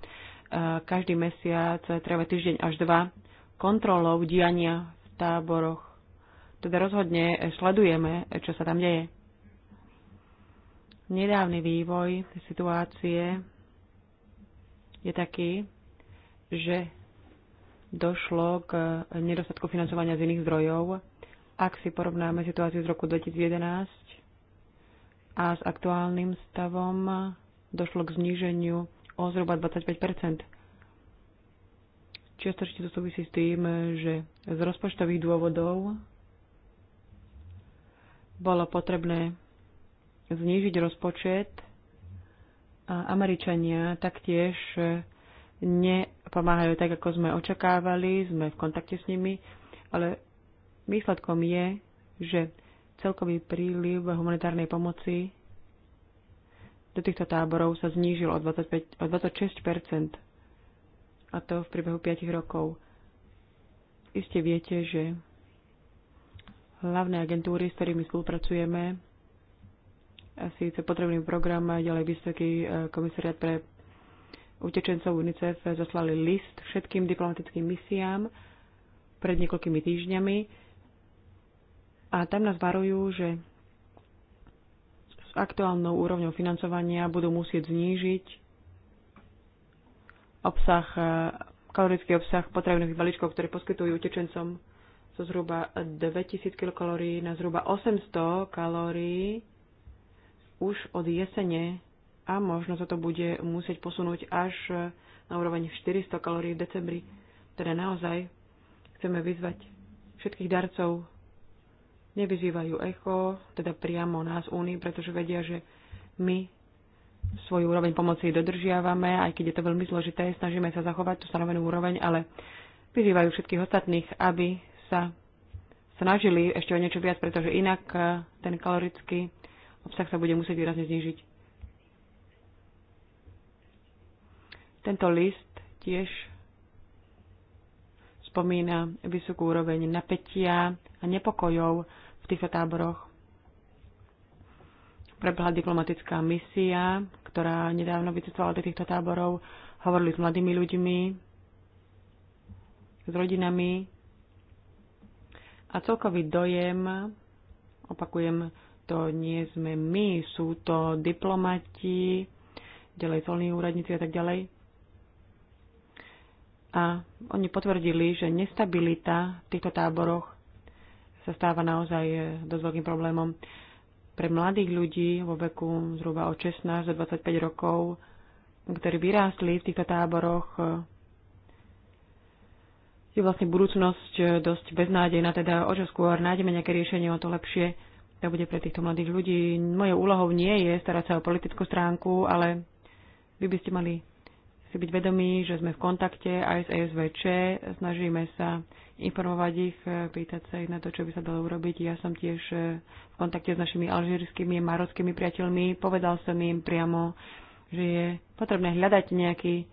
Každý mesiac treba týždeň až dva kontrolou diania v táboroch. Teda rozhodne sledujeme, čo sa tam deje. Nedávny vývoj situácie je taký, že došlo k nedostatku financovania z iných zdrojov. Ak si porovnáme situáciu z roku 2011 a s aktuálnym stavom, došlo k zníženiu o zhruba 25 Čiastočne to súvisí s tým, že z rozpočtových dôvodov bolo potrebné znížiť rozpočet a Američania taktiež eh, nepomáhajú tak, ako sme očakávali, sme v kontakte s nimi, ale výsledkom je, že celkový príliv humanitárnej pomoci do týchto táborov sa znížil o, 25, o 26 a to v priebehu 5 rokov. Iste viete, že hlavné agentúry, s ktorými spolupracujeme, síce potrebný program, ďalej Vysoký e, komisariat pre utečencov UNICEF zaslali list všetkým diplomatickým misiám pred niekoľkými týždňami a tam nás varujú, že s aktuálnou úrovňou financovania budú musieť znížiť obsah, e, kalorický obsah potravinových balíčkov, ktoré poskytujú utečencom zo zhruba 2000 kcal na zhruba 800 kalórií už od jesene a možno sa to bude musieť posunúť až na úroveň 400 kalórií v decembri. Teda naozaj chceme vyzvať všetkých darcov. Nevyzývajú echo, teda priamo nás Únii, pretože vedia, že my svoju úroveň pomoci dodržiavame, aj keď je to veľmi zložité, snažíme sa zachovať tú stanovenú úroveň, ale vyzývajú všetkých ostatných, aby sa snažili ešte o niečo viac, pretože inak eh, ten kalorický Obsah sa bude musieť výrazne znižiť. Tento list tiež spomína vysokú úroveň napätia a nepokojov v týchto táboroch. Prebehla diplomatická misia, ktorá nedávno vycestovala do týchto táborov. Hovorili s mladými ľuďmi, s rodinami, a celkový dojem, opakujem, to nie sme my, sú to diplomati, ďalej solní úradníci a tak ďalej. A oni potvrdili, že nestabilita v týchto táboroch sa stáva naozaj dosť veľkým problémom. Pre mladých ľudí vo veku zhruba od 16 do 25 rokov, ktorí vyrástli v týchto táboroch, je vlastne budúcnosť dosť beznádejná, teda o čo skôr nájdeme nejaké riešenie, o to lepšie to bude pre týchto mladých ľudí. Mojou úlohou nie je starať sa o politickú stránku, ale vy by ste mali si byť vedomí, že sme v kontakte aj s ASVČ, snažíme sa informovať ich, pýtať sa ich na to, čo by sa dalo urobiť. Ja som tiež eh, v kontakte s našimi alžírskymi a marockými priateľmi. Povedal som im priamo, že je potrebné hľadať nejaký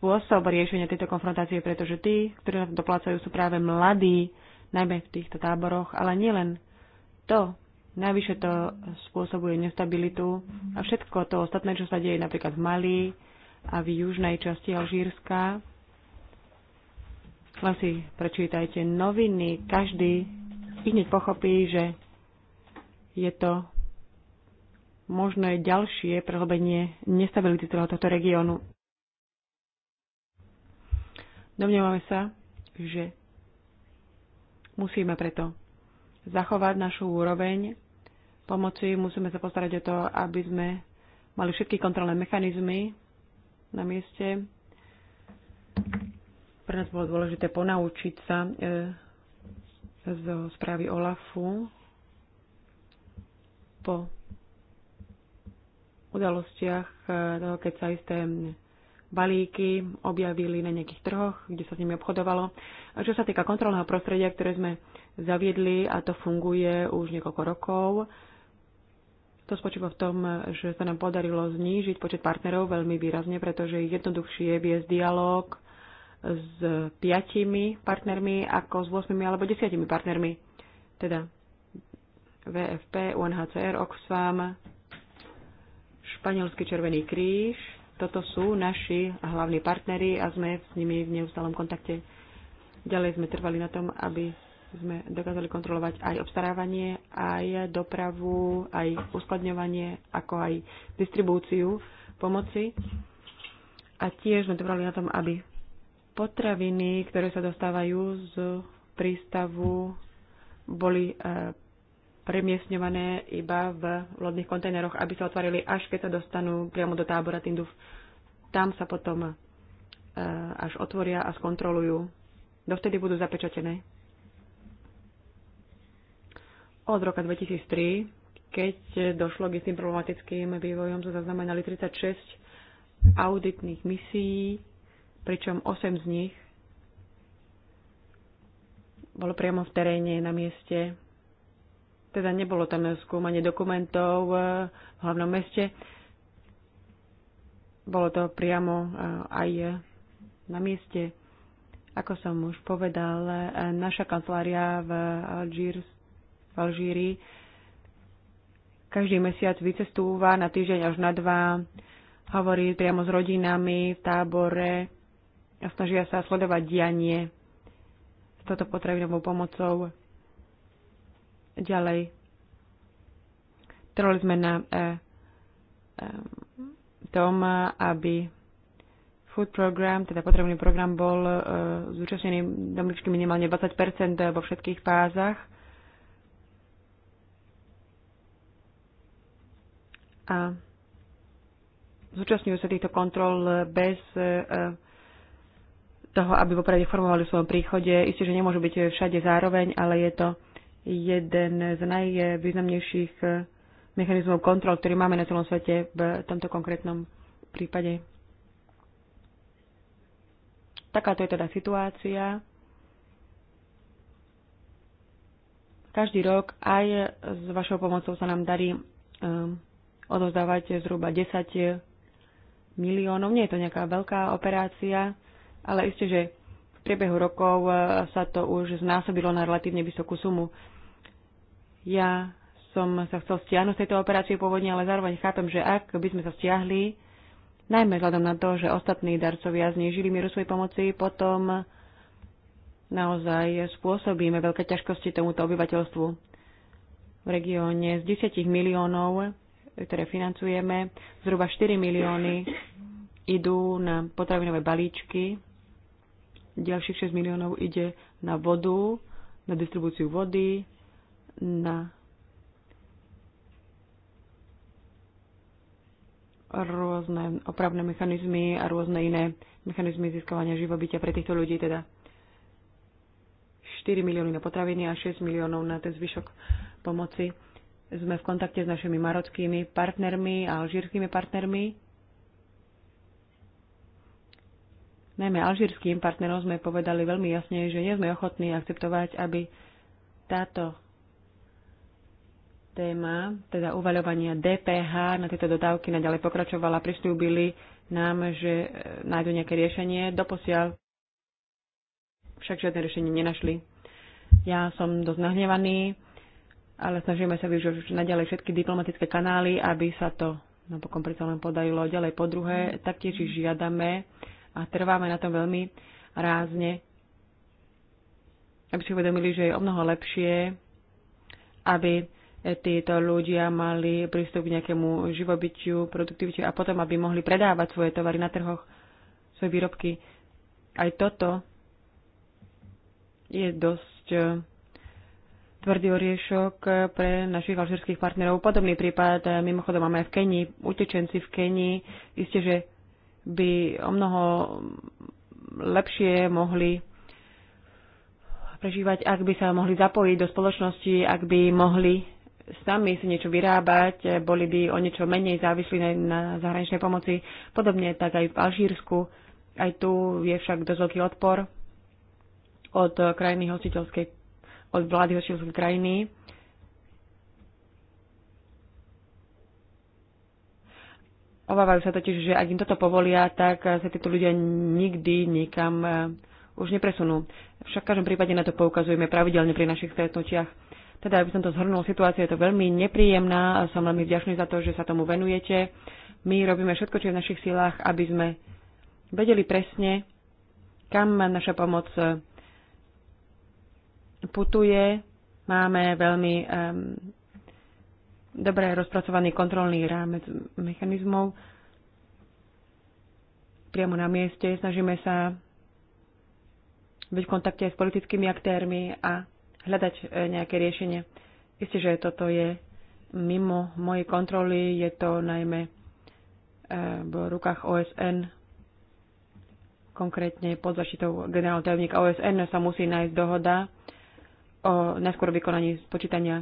spôsob riešenia tejto konfrontácie, pretože tí, ktorí na to doplácajú, sú práve mladí, najmä v týchto táboroch, ale nielen to, Navyše to spôsobuje nestabilitu a všetko to ostatné, čo sa deje napríklad v Mali a v južnej časti Alžírska. Len si prečítajte noviny, každý hneď pochopí, že je to možné ďalšie prehlbenie nestability celého tohto regiónu. Domnievame sa, že musíme preto zachovať našu úroveň pomoci. Musíme sa postarať o to, aby sme mali všetky kontrolné mechanizmy na mieste. Pre nás bolo dôležité ponaučiť sa e, zo správy OLAFu po udalostiach e, toho, keď sa isté balíky objavili na nejakých trhoch, kde sa s nimi obchodovalo. A čo sa týka kontrolného prostredia, ktoré sme zaviedli a to funguje už niekoľko rokov, to spočíva v tom, že sa nám podarilo znížiť počet partnerov veľmi výrazne, pretože jednoduchšie je viesť dialog s piatimi partnermi ako s 8 alebo desiatimi partnermi. Teda VFP, UNHCR, Oxfam, Španielský Červený kríž. Toto sú naši hlavní partnery a sme s nimi v neustálom kontakte. Ďalej sme trvali na tom, aby sme dokázali kontrolovať aj obstarávanie, aj dopravu, aj uskladňovanie, ako aj distribúciu pomoci. A tiež sme dobrali na tom, aby potraviny, ktoré sa dostávajú z prístavu, boli e, premiesňované iba v lodných kontajneroch, aby sa otvorili, až keď sa dostanú priamo do tábora Tinduf. Tam sa potom e, až otvoria a skontrolujú. Dovtedy budú zapečatené. Od roka 2003, keď došlo k istým problematickým vývojom, sa zaznamenali 36 auditných misií, pričom 8 z nich bolo priamo v teréne, na mieste. Teda nebolo tam skúmanie dokumentov eh, v hlavnom meste. Bolo to priamo eh, aj eh, na mieste. Ako som už povedal, naša kancelária v Algiers v Alžírii. Každý mesiac vycestúva na týždeň až na dva, hovorí priamo s rodinami v tábore a snažia sa sledovať dianie s toto potrebnou pomocou. Ďalej. Trvali sme na e, e, tom, aby food program, teda potrebný program bol e, zúčastnený domličky minimálne 20% vo všetkých fázach a zúčastňujú sa týchto kontrol bez e, toho, aby vopred informovali o svojom príchode. Isté, že nemôžu byť všade zároveň, ale je to jeden z najvýznamnejších e, mechanizmov kontrol, ktorý máme na celom svete v tomto konkrétnom prípade. Takáto je teda situácia. Každý rok aj s vašou pomocou sa nám darí um, odozdávať zhruba 10 miliónov. Nie je to nejaká veľká operácia, ale isté, že v priebehu rokov e, sa to už znásobilo na relatívne vysokú sumu. Ja som sa chcel stiahnuť z tejto operácie pôvodne, ale zároveň chápem, že ak by sme sa stiahli, najmä vzhľadom na to, že ostatní darcovia znížili mieru svojej pomoci, potom naozaj spôsobíme veľké ťažkosti tomuto obyvateľstvu v regióne z 10 miliónov ktoré financujeme, zhruba 4 milióny idú na potravinové balíčky, ďalších 6 miliónov ide na vodu, na distribúciu vody, na rôzne opravné mechanizmy a rôzne iné mechanizmy získavania živobytia pre týchto ľudí, teda 4 milióny na potraviny a 6 miliónov na ten zvyšok pomoci. Sme v kontakte s našimi marockými partnermi a alžírskými partnermi. Najmä alžírským partnerom sme povedali veľmi jasne, že nie sme ochotní akceptovať, aby táto téma, teda uvaľovania DPH na tieto dodávky naďalej pokračovala. Prislúbili nám, že e, nájdu nejaké riešenie. Doposiaľ však žiadne riešenie nenašli. Ja som dosť nahnevaný ale snažíme sa využiť naďalej všetky diplomatické kanály, aby sa to napokon predsa len podarilo ďalej. Po druhé, taktiež žiadame a trváme na tom veľmi rázne, aby si uvedomili, že je o mnoho lepšie, aby títo ľudia mali prístup k nejakému živobytiu, produktivite a potom, aby mohli predávať svoje tovary na trhoch, svoje výrobky. Aj toto je dosť tvrdý oriešok pre našich alžírskych partnerov. Podobný prípad eh, mimochodom máme aj v Kenii. Utečenci v Kenii isté, že by o mnoho lepšie mohli prežívať, ak by sa mohli zapojiť do spoločnosti, ak by mohli sami si niečo vyrábať, eh, boli by o niečo menej závislí na, na zahraničnej pomoci. Podobne tak aj v Alžírsku. Aj tu je však dosť veľký odpor od krajiny hostiteľskej od vlády hostiteľskej krajiny. Obávajú sa totiž, že ak im toto povolia, tak sa títo ľudia nikdy nikam eh, už nepresunú. Však v každom prípade na to poukazujeme pravidelne pri našich stretnutiach. Teda, aby som to zhrnul, situácia je to veľmi nepríjemná a som veľmi vďačný za to, že sa tomu venujete. My robíme všetko, čo je v našich silách, aby sme vedeli presne, kam naša pomoc putuje. Máme veľmi um, dobre rozpracovaný kontrolný rámec mechanizmov priamo na mieste. Snažíme sa byť v kontakte s politickými aktérmi a hľadať e, nejaké riešenie. Isté, že toto je mimo mojej kontroly, je to najmä e, v rukách OSN, konkrétne pod zaštitou generálneho tajomníka OSN sa musí nájsť dohoda o najskôr vykonaní spočítania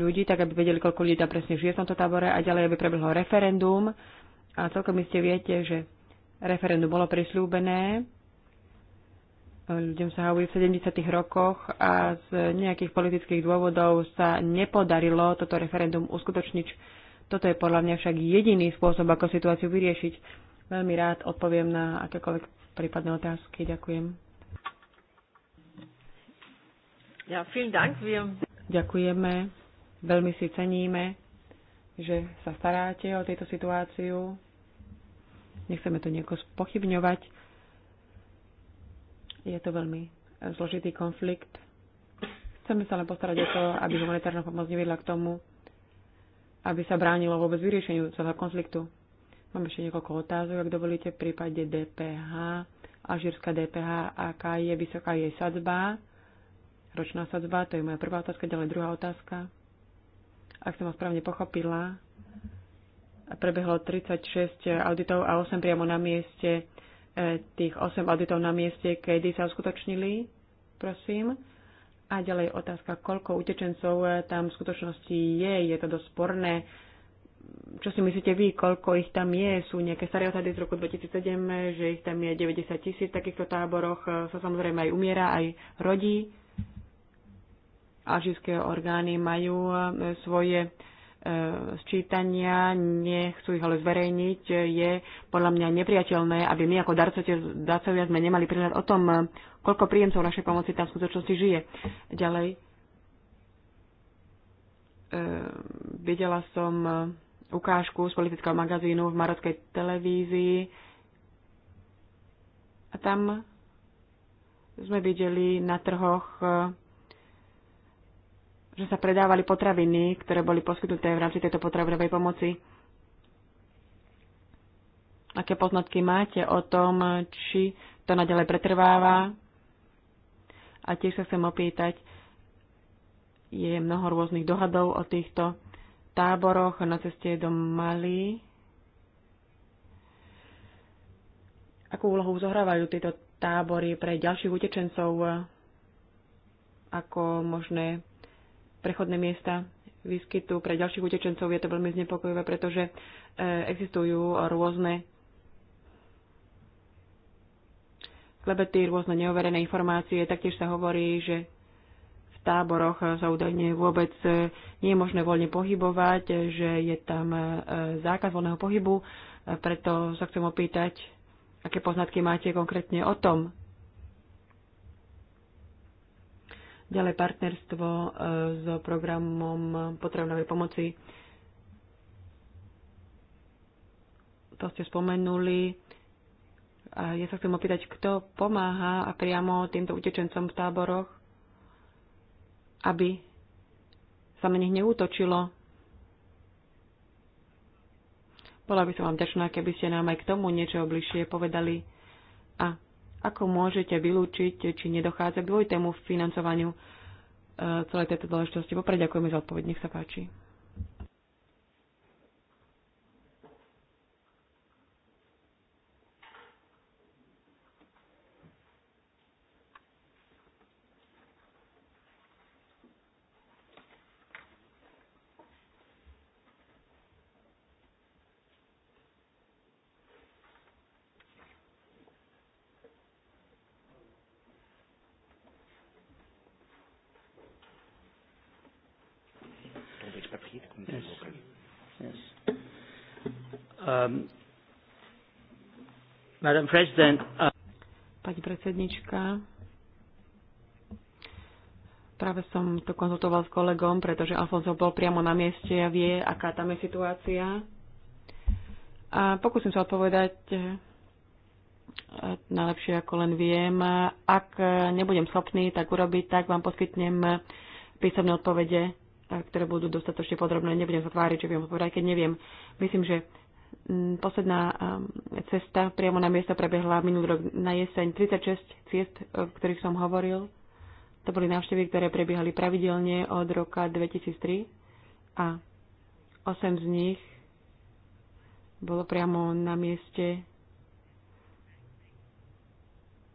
ľudí, tak aby vedeli, koľko ľudí tam presne žije v tomto tábore a ďalej, aby prebehlo referendum. A celkom iste viete, že referendum bolo prislúbené ľuďom sa hovorí v 70. rokoch a z nejakých politických dôvodov sa nepodarilo toto referendum uskutočniť. Toto je podľa mňa však jediný spôsob, ako situáciu vyriešiť. Veľmi rád odpoviem na akékoľvek prípadné otázky. Ďakujem.
Ja, vielen Dank. Wir...
Ďakujeme. Veľmi si ceníme, že sa staráte o tejto situáciu. Nechceme to nejako spochybňovať. Je to veľmi zložitý konflikt. Chceme sa len postarať o to, aby humanitárna pomoc nevedla k tomu, aby sa bránilo vôbec vyriešeniu celého konfliktu. Mám ešte niekoľko otázok, ak dovolíte, v prípade DPH, alžírska DPH, aká je vysoká jej sadzba ročná sadzba? To je moja prvá otázka, ďalej druhá otázka. Ak som vás správne pochopila, prebehlo 36 auditov a 8 priamo na mieste. E, tých 8 auditov na mieste, kedy sa uskutočnili, prosím. A ďalej otázka, koľko utečencov e, tam v skutočnosti je, je to dosť sporné. Čo si myslíte vy, koľko ich tam je? Sú nejaké staré osady z roku 2007, že ich tam je 90 tisíc v takýchto táboroch. E, sa samozrejme aj umiera, aj rodí alžírske orgány majú e, svoje e, sčítania, nechcú ich ale zverejniť, je podľa mňa nepriateľné, aby my ako darcovia sme nemali prehľad o tom, e, koľko príjemcov našej pomoci tam v skutočnosti žije. Ďalej, videla som ukážku z politického magazínu v marockej televízii a tam sme videli na trhoch že sa predávali potraviny, ktoré boli poskytnuté v rámci tejto potravinovej pomoci. Aké poznatky máte o tom, či to nadalej pretrváva? A tiež sa chcem opýtať, je mnoho rôznych dohadov o týchto táboroch na ceste do Mali. Akú úlohu zohrávajú tieto tábory pre ďalších utečencov ako možné prechodné miesta výskytu pre ďalších utečencov je to veľmi znepokojivé, pretože e, existujú rôzne klebety, rôzne neoverené informácie. Taktiež sa hovorí, že v táboroch sa údajne vôbec e, nie je možné voľne pohybovať, že je tam e, zákaz voľného pohybu. Preto sa chcem opýtať, aké poznatky máte konkrétne o tom, Ďalej partnerstvo e, s programom potravnovej pomoci. To ste spomenuli. A ja sa chcem opýtať, kto pomáha a priamo týmto utečencom v táboroch, aby sa na nich neútočilo. Bola by som vám ďačná, keby ste nám aj k tomu niečo bližšie povedali. A ako môžete vylúčiť, či nedochádza k dvojitému financovaniu e, celej tejto záležitosti? Vopred ďakujeme za odpoveď. Nech sa páči.
Um,
Madam President.
Uh... Pani predsednička, práve som to konzultoval s kolegom, pretože Alfonso bol priamo na mieste a vie, aká tam je situácia. A pokúsim sa odpovedať eh, najlepšie, ako len viem. Ak nebudem schopný tak urobiť, tak vám poskytnem písomné odpovede, eh, ktoré budú dostatočne podrobné. Nebudem sa tváriť, že viem odpovedať, keď neviem. Myslím, že posledná cesta priamo na miesto prebehla minulý rok na jeseň. 36 ciest, o ktorých som hovoril, to boli návštevy, ktoré prebiehali pravidelne od roka 2003 a 8 z nich bolo priamo na mieste.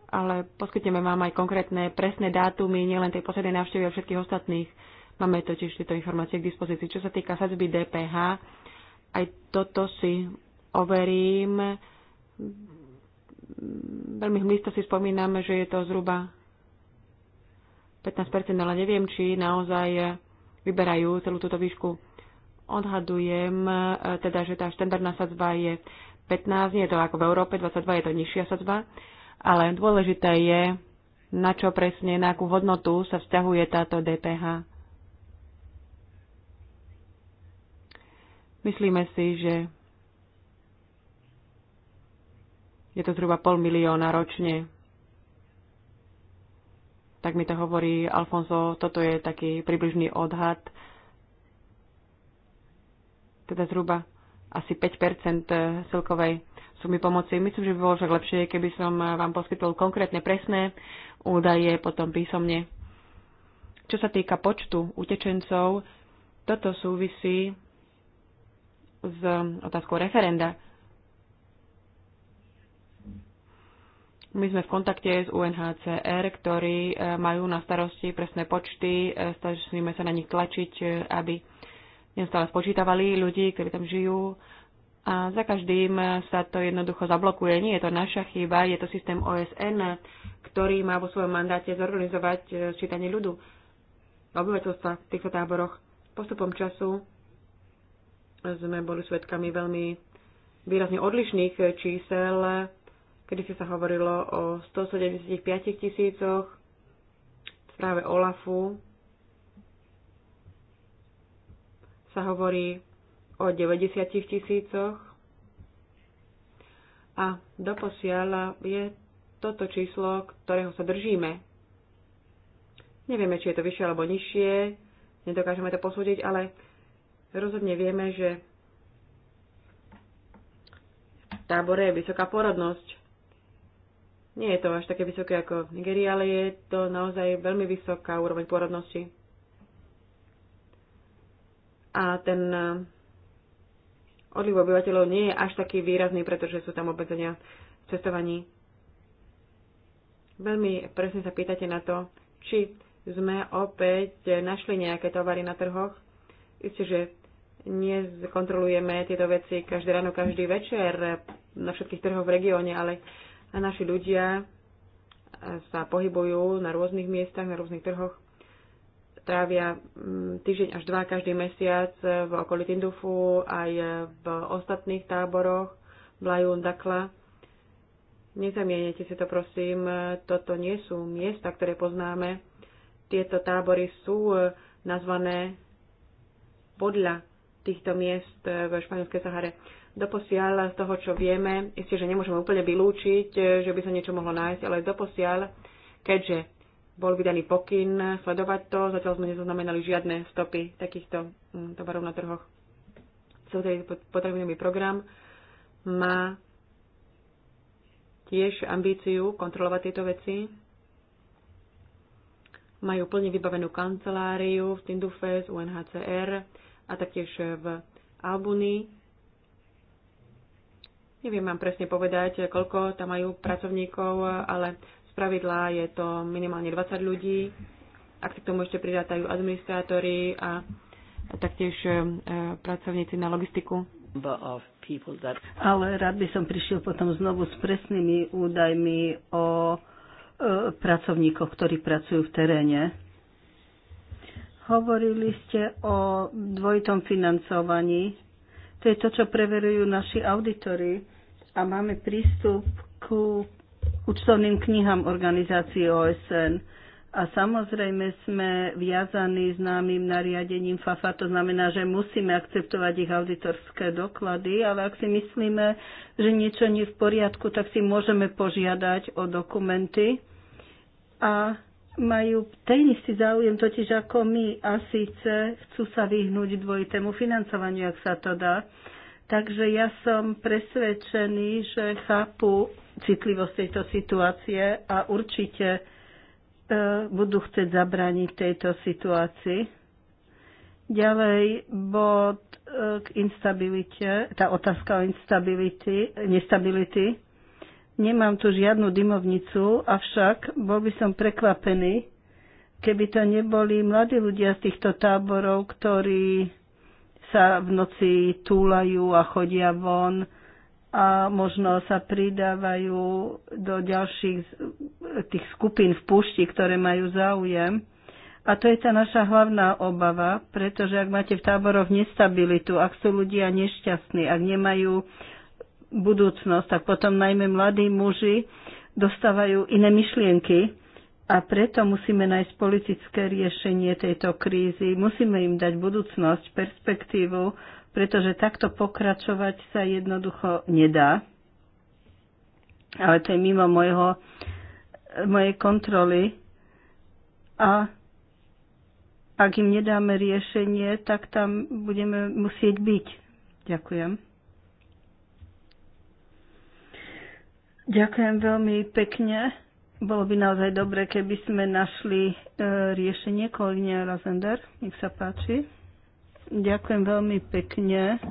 Ale poskytneme vám aj konkrétne presné dátumy, nielen tej poslednej návštevy a všetkých ostatných. Máme totiž tieto informácie k dispozícii. Čo sa týka sadzby DPH, aj toto si overím. Veľmi hmlisto si spomínam, že je to zhruba 15%, ale neviem, či naozaj vyberajú celú túto výšku. Odhadujem e, teda, že tá štandardná sadzba je 15, nie je to ako v Európe, 22 je to nižšia sadzba, ale dôležité je, na čo presne, na akú hodnotu sa vzťahuje táto DPH. Myslíme si, že Je to zhruba pol milióna ročne. Tak mi to hovorí Alfonso, toto je taký približný odhad. Teda zhruba asi 5 celkovej sumy pomoci. Myslím, že by bolo však lepšie, keby som vám poskytol konkrétne presné údaje potom písomne. Čo sa týka počtu utečencov, toto súvisí s otázkou referenda. My sme v kontakte s UNHCR, ktorí e, majú na starosti presné počty, e, snažíme sa na nich tlačiť, e, aby neustále spočítavali ľudí, ktorí tam žijú. A za každým sa to jednoducho zablokuje. Nie je to naša chyba, je to systém OSN, ktorý má vo svojom mandáte zorganizovať sčítanie ľudu obyvateľstva v týchto táboroch. Postupom času sme boli svedkami veľmi výrazne odlišných čísel kedy si sa hovorilo o 175 tisícoch v správe OLAFu sa hovorí o 90 tisícoch a doposiaľ je toto číslo, ktorého sa držíme. Nevieme, či je to vyššie alebo nižšie, nedokážeme to posúdiť, ale rozhodne vieme, že v tábore je vysoká porodnosť nie je to až také vysoké ako v Nigerii, ale je to naozaj veľmi vysoká úroveň pôrodnosti. A ten eh, odliv obyvateľov nie je až taký výrazný, pretože sú tam obmedzenia v cestovaní. Veľmi presne sa pýtate na to, či sme opäť našli nejaké tovary na trhoch. Isté, že nekontrolujeme tieto veci každé ráno, každý večer na všetkých trhoch v regióne, ale a naši ľudia e, sa pohybujú na rôznych miestach, na rôznych trhoch. Trávia mm, týždeň až dva každý mesiac e, v okolí Tindufu, aj e, v ostatných táboroch, v Lajun, Dakla. Nezamienite si to, prosím, toto nie sú miesta, ktoré poznáme. Tieto tábory sú nazvané podľa týchto miest v Španielskej Sahare. Doposiaľ z toho, čo vieme, isté, že nemôžeme úplne vylúčiť, e, že by sa niečo mohlo nájsť, ale doposiaľ, keďže bol vydaný pokyn sledovať to, zatiaľ sme nezaznamenali žiadne stopy takýchto mm, tovarov na trhoch. Celý potravinový program má tiež ambíciu kontrolovať tieto veci. Majú plne vybavenú kanceláriu v Tindufe z UNHCR a taktiež v Albunii Neviem vám presne povedať, koľko tam majú pracovníkov, ale z pravidla je to minimálne 20 ľudí. Ak si k tomu ešte pridátajú administrátori a taktiež e, pracovníci na logistiku.
Ale rád by som prišiel potom znovu s presnými údajmi o e, pracovníkoch, ktorí pracujú v teréne. Hovorili ste o dvojitom financovaní. To je to, čo preverujú naši auditory a máme prístup k účtovným knihám organizácií OSN. A samozrejme sme viazaní známym nariadením FAFA, to znamená, že musíme akceptovať ich auditorské doklady, ale ak si myslíme, že niečo nie je v poriadku, tak si môžeme požiadať o dokumenty. A majú ten istý záujem totiž ako my a síce chcú sa vyhnúť dvojitému financovaniu, ak sa to dá. Takže ja som presvedčený, že chápu citlivosť tejto situácie a určite e, budú chcieť zabrániť tejto situácii. Ďalej bod e, k instabilite, tá otázka o instability, nestability. Nemám tu žiadnu dymovnicu, avšak bol by som prekvapený, keby to neboli mladí ľudia z týchto táborov, ktorí sa v noci túlajú a chodia von a možno sa pridávajú do ďalších tých skupín v púšti, ktoré majú záujem. A to je tá naša hlavná obava, pretože ak máte v táboroch nestabilitu, ak sú ľudia nešťastní, ak nemajú budúcnosť, tak potom najmä mladí muži dostávajú iné myšlienky a preto musíme nájsť politické riešenie tejto krízy, musíme im dať budúcnosť, perspektívu, pretože takto pokračovať sa jednoducho nedá. Ale to je mimo mojho, mojej kontroly. A ak im nedáme riešenie, tak tam budeme musieť byť. Ďakujem. Ďakujem veľmi pekne. Bolo by naozaj dobre, keby sme našli e, riešenie. Kolegyňa Razender, nech sa páči. Ďakujem veľmi pekne.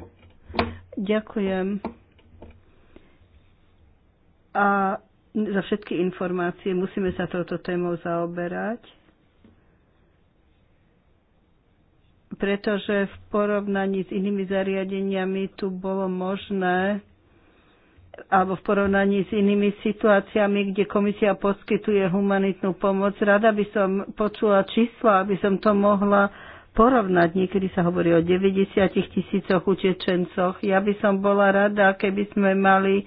Ďakujem a za všetky informácie. Musíme sa touto témou zaoberať, pretože v porovnaní s inými zariadeniami tu bolo možné alebo v porovnaní s inými situáciami, kde komisia poskytuje humanitnú pomoc. Rada by som počula čísla, aby som to mohla porovnať. Niekedy sa hovorí o 90 tisícoch utečencoch. Ja by som bola rada, keby sme mali e,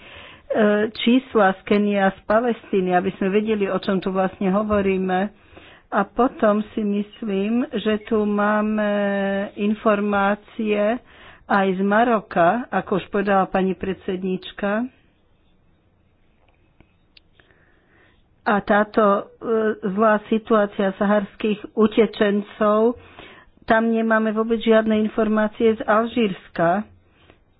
čísla z Kenia a z Palestíny, aby sme vedeli, o čom tu vlastne hovoríme. A potom si myslím, že tu máme informácie aj z Maroka, ako už povedala pani predsednička. a táto e, zlá situácia saharských utečencov, tam nemáme vôbec žiadne informácie z Alžírska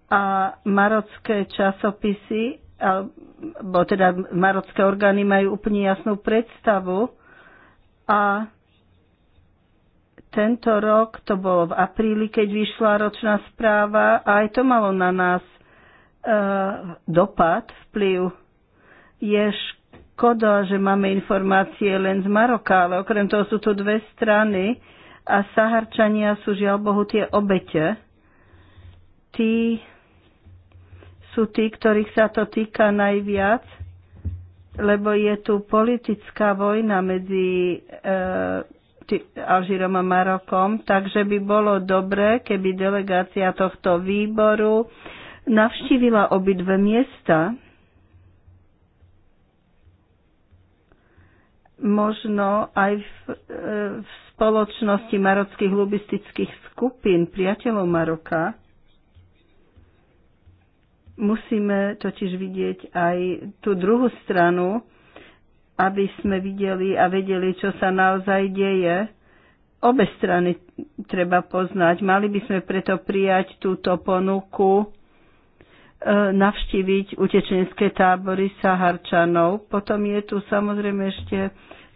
a marocké časopisy, alebo teda marocké orgány majú úplne jasnú predstavu a tento rok, to bolo v apríli, keď vyšla ročná správa a aj to malo na nás e, dopad, vplyv. Je škoda, že máme informácie len z Maroka, ale okrem toho sú tu dve strany a Saharčania sú žiaľ Bohu tie obete. Tí sú tí, ktorých sa to týka najviac, lebo je tu politická vojna medzi e, tý, Alžírom a Marokom, takže by bolo dobré, keby delegácia tohto výboru navštívila obidve miesta možno aj v, e, v spoločnosti marockých lubistických skupín, priateľov Maroka. Musíme totiž vidieť aj tú druhú stranu, aby sme videli a vedeli, čo sa naozaj deje. Obe strany treba poznať. Mali by sme preto prijať túto ponuku E, navštíviť utečenské tábory Saharčanov. Potom je tu samozrejme ešte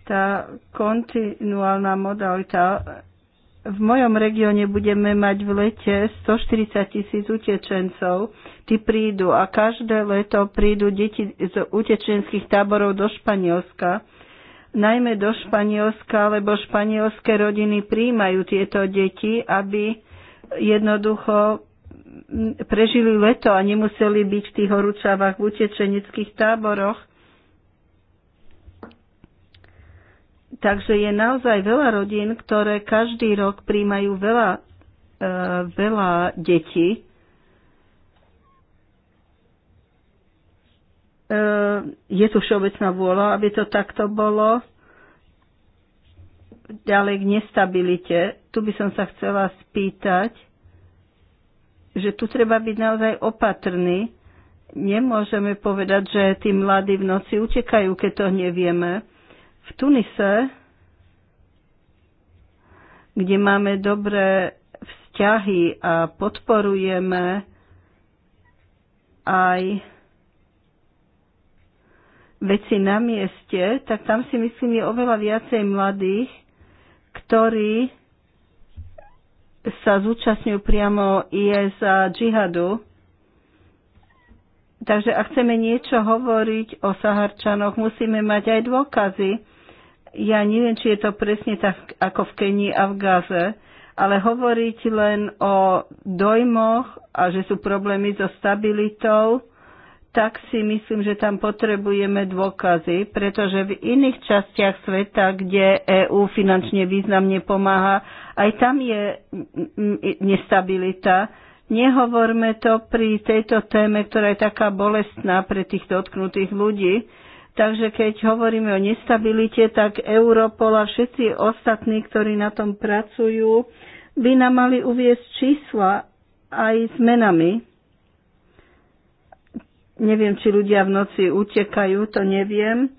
tá kontinuálna modalita. V mojom regióne budeme mať v lete 140 tisíc utečencov. Tí prídu a každé leto prídu deti z utečenských táborov do Španielska. Najmä do Španielska, lebo španielské rodiny príjmajú tieto deti, aby jednoducho prežili leto a nemuseli byť v tých horúčavách v utečeneckých táboroch. Takže je naozaj veľa rodín, ktoré každý rok príjmajú veľa, e, veľa detí. E, je tu všeobecná vôľa, aby to takto bolo. Ďalej k nestabilite. Tu by som sa chcela spýtať že tu treba byť naozaj opatrný. Nemôžeme povedať, že tí mladí v noci utekajú, keď to nevieme. V Tunise, kde máme dobré vzťahy a podporujeme aj veci na mieste, tak tam si myslím je oveľa viacej mladých, ktorí sa zúčastňujú priamo IS a džihadu. Takže ak chceme niečo hovoriť o Saharčanoch, musíme mať aj dôkazy. Ja neviem, či je to presne tak ako v Kenii a v Gaze, ale hovoriť len o dojmoch a že sú problémy so stabilitou, tak si myslím, že tam potrebujeme dôkazy, pretože v iných častiach sveta, kde EÚ finančne významne pomáha aj tam je nestabilita. Nehovorme to pri tejto téme, ktorá je taká bolestná pre tých dotknutých ľudí. Takže keď hovoríme o nestabilite, tak Europol a všetci ostatní, ktorí na tom pracujú, by nám mali uviezť čísla aj s menami. Neviem, či ľudia v noci utekajú, to neviem,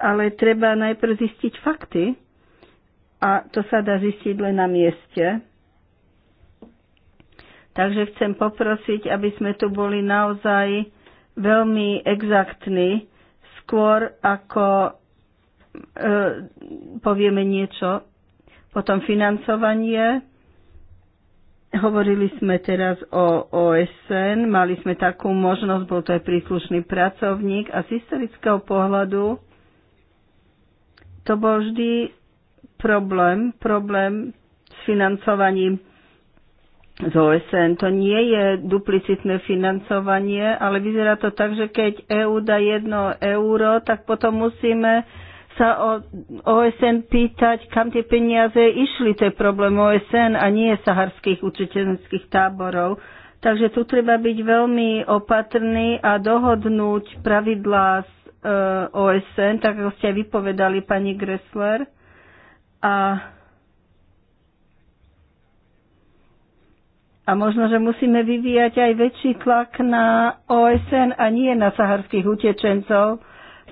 ale treba najprv zistiť fakty a to sa dá zistiť len na mieste. Takže chcem poprosiť, aby sme tu boli naozaj veľmi exaktní, skôr ako e, povieme niečo. Potom financovanie. Hovorili sme teraz o OSN, mali sme takú možnosť, bol to aj príslušný pracovník a z historického pohľadu to bol vždy problém, problém s financovaním z OSN. To nie je duplicitné financovanie, ale vyzerá to tak, že keď EU dá jedno euro, tak potom musíme sa o OSN pýtať, kam tie peniaze išli. To je problém OSN a nie saharských učiteľských táborov. Takže tu treba byť veľmi opatrný a dohodnúť pravidlá z e, OSN, tak ako ste aj vypovedali pani Gressler. A, a možno, že musíme vyvíjať aj väčší tlak na OSN a nie na saharských utečencov,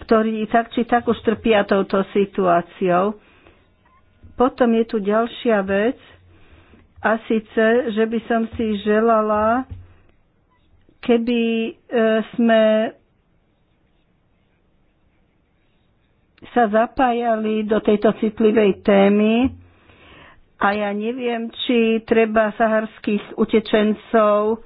ktorí tak či tak už trpia touto situáciou. Potom je tu ďalšia vec, a síce, že by som si želala, keby e, sme sa zapájali do tejto citlivej témy a ja neviem, či treba saharských utečencov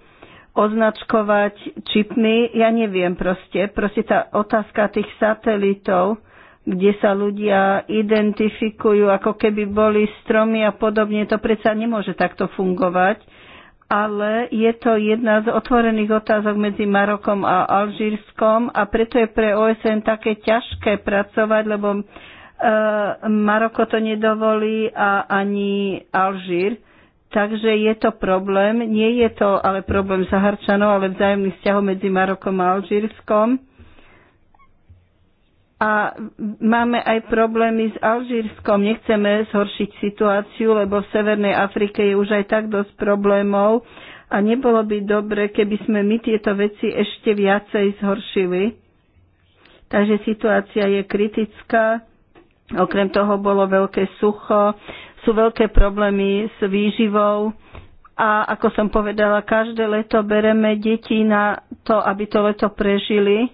označkovať čipmi, ja neviem proste. Proste tá otázka tých satelitov, kde sa ľudia identifikujú, ako keby boli stromy a podobne, to predsa nemôže takto fungovať ale je to jedna z otvorených otázok medzi Marokom a Alžírskom a preto je pre OSN také ťažké pracovať, lebo e, Maroko to nedovolí a ani Alžír. Takže je to problém. Nie je to ale problém Zaharčanov, ale vzájomných vzťahov medzi Marokom a Alžírskom. A máme aj problémy s Alžírskom. Nechceme zhoršiť situáciu, lebo v Severnej Afrike je už aj tak dosť problémov. A nebolo by dobre, keby sme my tieto veci ešte viacej zhoršili. Takže situácia je kritická. Okrem toho bolo veľké sucho, sú veľké problémy s výživou a ako som povedala, každé leto bereme deti na to, aby to leto prežili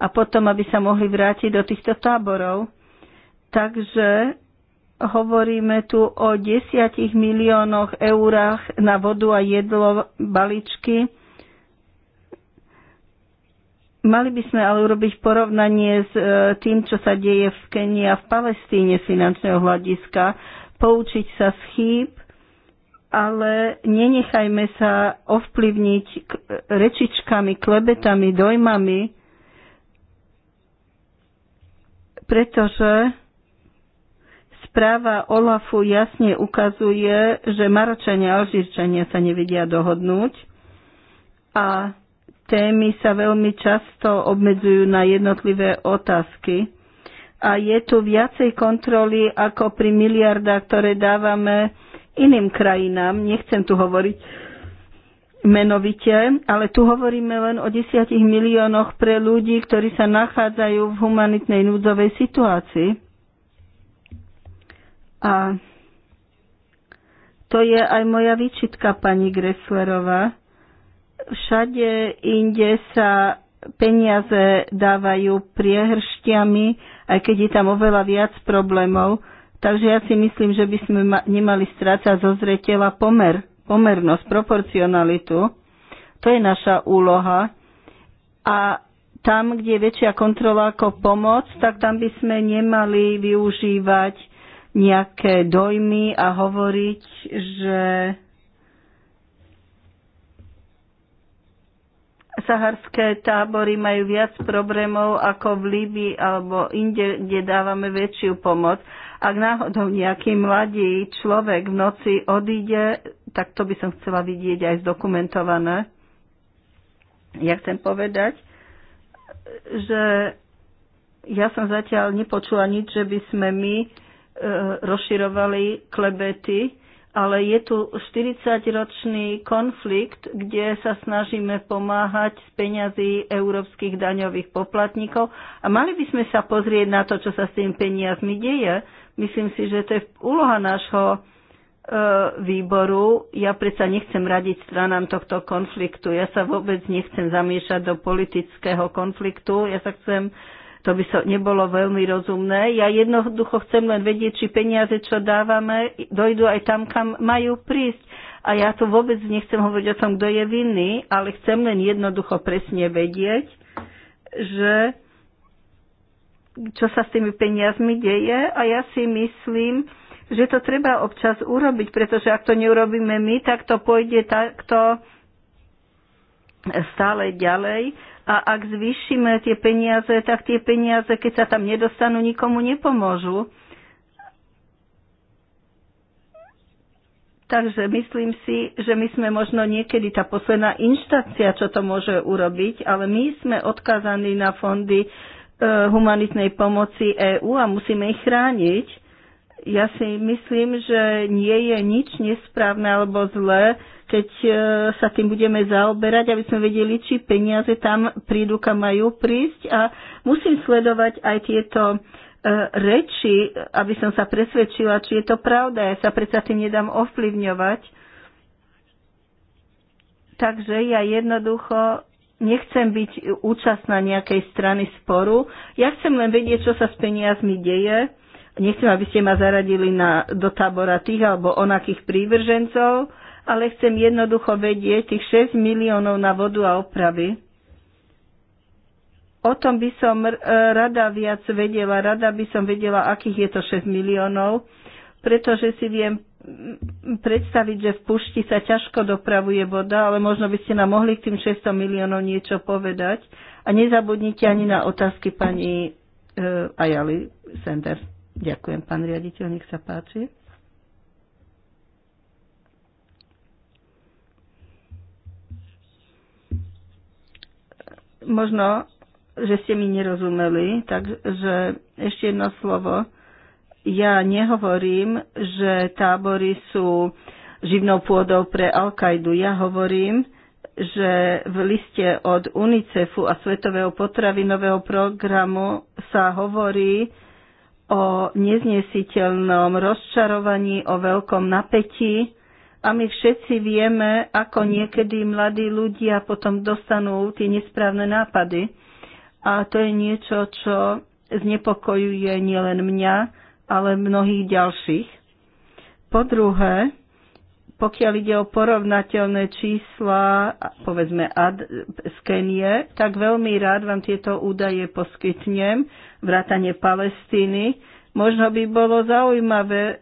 a potom, aby sa mohli vrátiť do týchto táborov. Takže hovoríme tu o desiatich miliónoch eurách na vodu a jedlo, baličky. Mali by sme ale urobiť porovnanie s e, tým, čo sa deje v Kenii a v Palestíne finančného hľadiska, poučiť sa z chýb, ale nenechajme sa ovplyvniť e, rečičkami, klebetami, dojmami, pretože správa Olafu jasne ukazuje, že Maročania a Alžírčania sa nevedia dohodnúť a témy sa veľmi často obmedzujú na jednotlivé otázky. A je tu viacej kontroly ako pri miliardách, ktoré dávame iným krajinám. Nechcem tu hovoriť menovite, ale tu hovoríme len o desiatich miliónoch pre ľudí, ktorí sa nachádzajú v humanitnej núdzovej situácii. A to je aj moja výčitka, pani Greslerová. Všade inde sa peniaze dávajú priehršťami, aj keď je tam oveľa viac problémov. Takže ja si myslím, že by sme nemali strácať zo zreteľa pomer pomernosť, proporcionalitu. To je naša úloha. A tam, kde je väčšia kontrola ako pomoc, tak tam by sme nemali využívať nejaké dojmy a hovoriť, že saharské tábory majú viac problémov ako v Líbii alebo inde, kde dávame väčšiu pomoc. Ak náhodou nejaký mladý človek v noci odíde tak to by som chcela vidieť aj zdokumentované. Ja chcem povedať, že ja som zatiaľ nepočula nič, že by sme my e, rozširovali klebety, ale je tu 40-ročný konflikt, kde sa snažíme pomáhať z peňazí európskych daňových poplatníkov a mali by sme sa pozrieť na to, čo sa s tým peniazmi deje. Myslím si, že to je úloha nášho výboru. Ja predsa nechcem radiť stranám tohto konfliktu. Ja sa vôbec nechcem zamiešať do politického konfliktu. Ja sa chcem, to by so, nebolo veľmi rozumné. Ja jednoducho chcem len vedieť, či peniaze, čo dávame, dojdú aj tam, kam majú prísť. A ja tu vôbec nechcem hovoriť o tom, kto je vinný, ale chcem len jednoducho presne vedieť, že čo sa s tými peniazmi deje a ja si myslím, že to treba občas urobiť, pretože ak to neurobíme my, tak to pôjde takto stále ďalej a ak zvýšime tie peniaze, tak tie peniaze, keď sa tam nedostanú, nikomu nepomôžu. Takže myslím si, že my sme možno niekedy tá posledná inštancia, čo to môže urobiť, ale my sme odkazaní na fondy eh, humanitnej pomoci EÚ a musíme ich chrániť. Ja si myslím, že nie je nič nesprávne alebo zlé, keď e, sa tým budeme zaoberať, aby sme vedeli, či peniaze tam prídu, kam majú prísť. A musím sledovať aj tieto e, reči, aby som sa presvedčila, či je to pravda. Ja sa predsa tým nedám ovplyvňovať. Takže ja jednoducho nechcem byť účastná nejakej strany sporu. Ja chcem len vedieť, čo sa s peniazmi deje Nechcem, aby ste ma zaradili na, do tábora tých alebo onakých prívržencov, ale chcem jednoducho vedieť tých 6 miliónov na vodu a opravy. O tom by som e, rada viac vedela, rada by som vedela, akých je to 6 miliónov, pretože si viem predstaviť, že v pušti sa ťažko dopravuje voda, ale možno by ste nám mohli k tým 600 miliónov niečo povedať. A nezabudnite ani na otázky pani uh, Ajali Sanders. Ďakujem, pán riaditeľ, nech sa páči. Možno, že ste mi nerozumeli, takže ešte jedno slovo. Ja nehovorím, že tábory sú živnou pôdou pre Al-Kaidu. Ja hovorím, že v liste od UNICEFu a Svetového potravinového programu sa hovorí, o neznesiteľnom rozčarovaní, o veľkom napätí a my všetci vieme, ako niekedy mladí ľudia potom dostanú tie nesprávne nápady. A to je niečo, čo znepokojuje nielen mňa, ale mnohých ďalších. Po druhé, pokiaľ ide o porovnateľné čísla, povedzme ad, z Kenie, tak veľmi rád vám tieto údaje poskytnem vrátanie Palestíny. Možno by bolo zaujímavé e,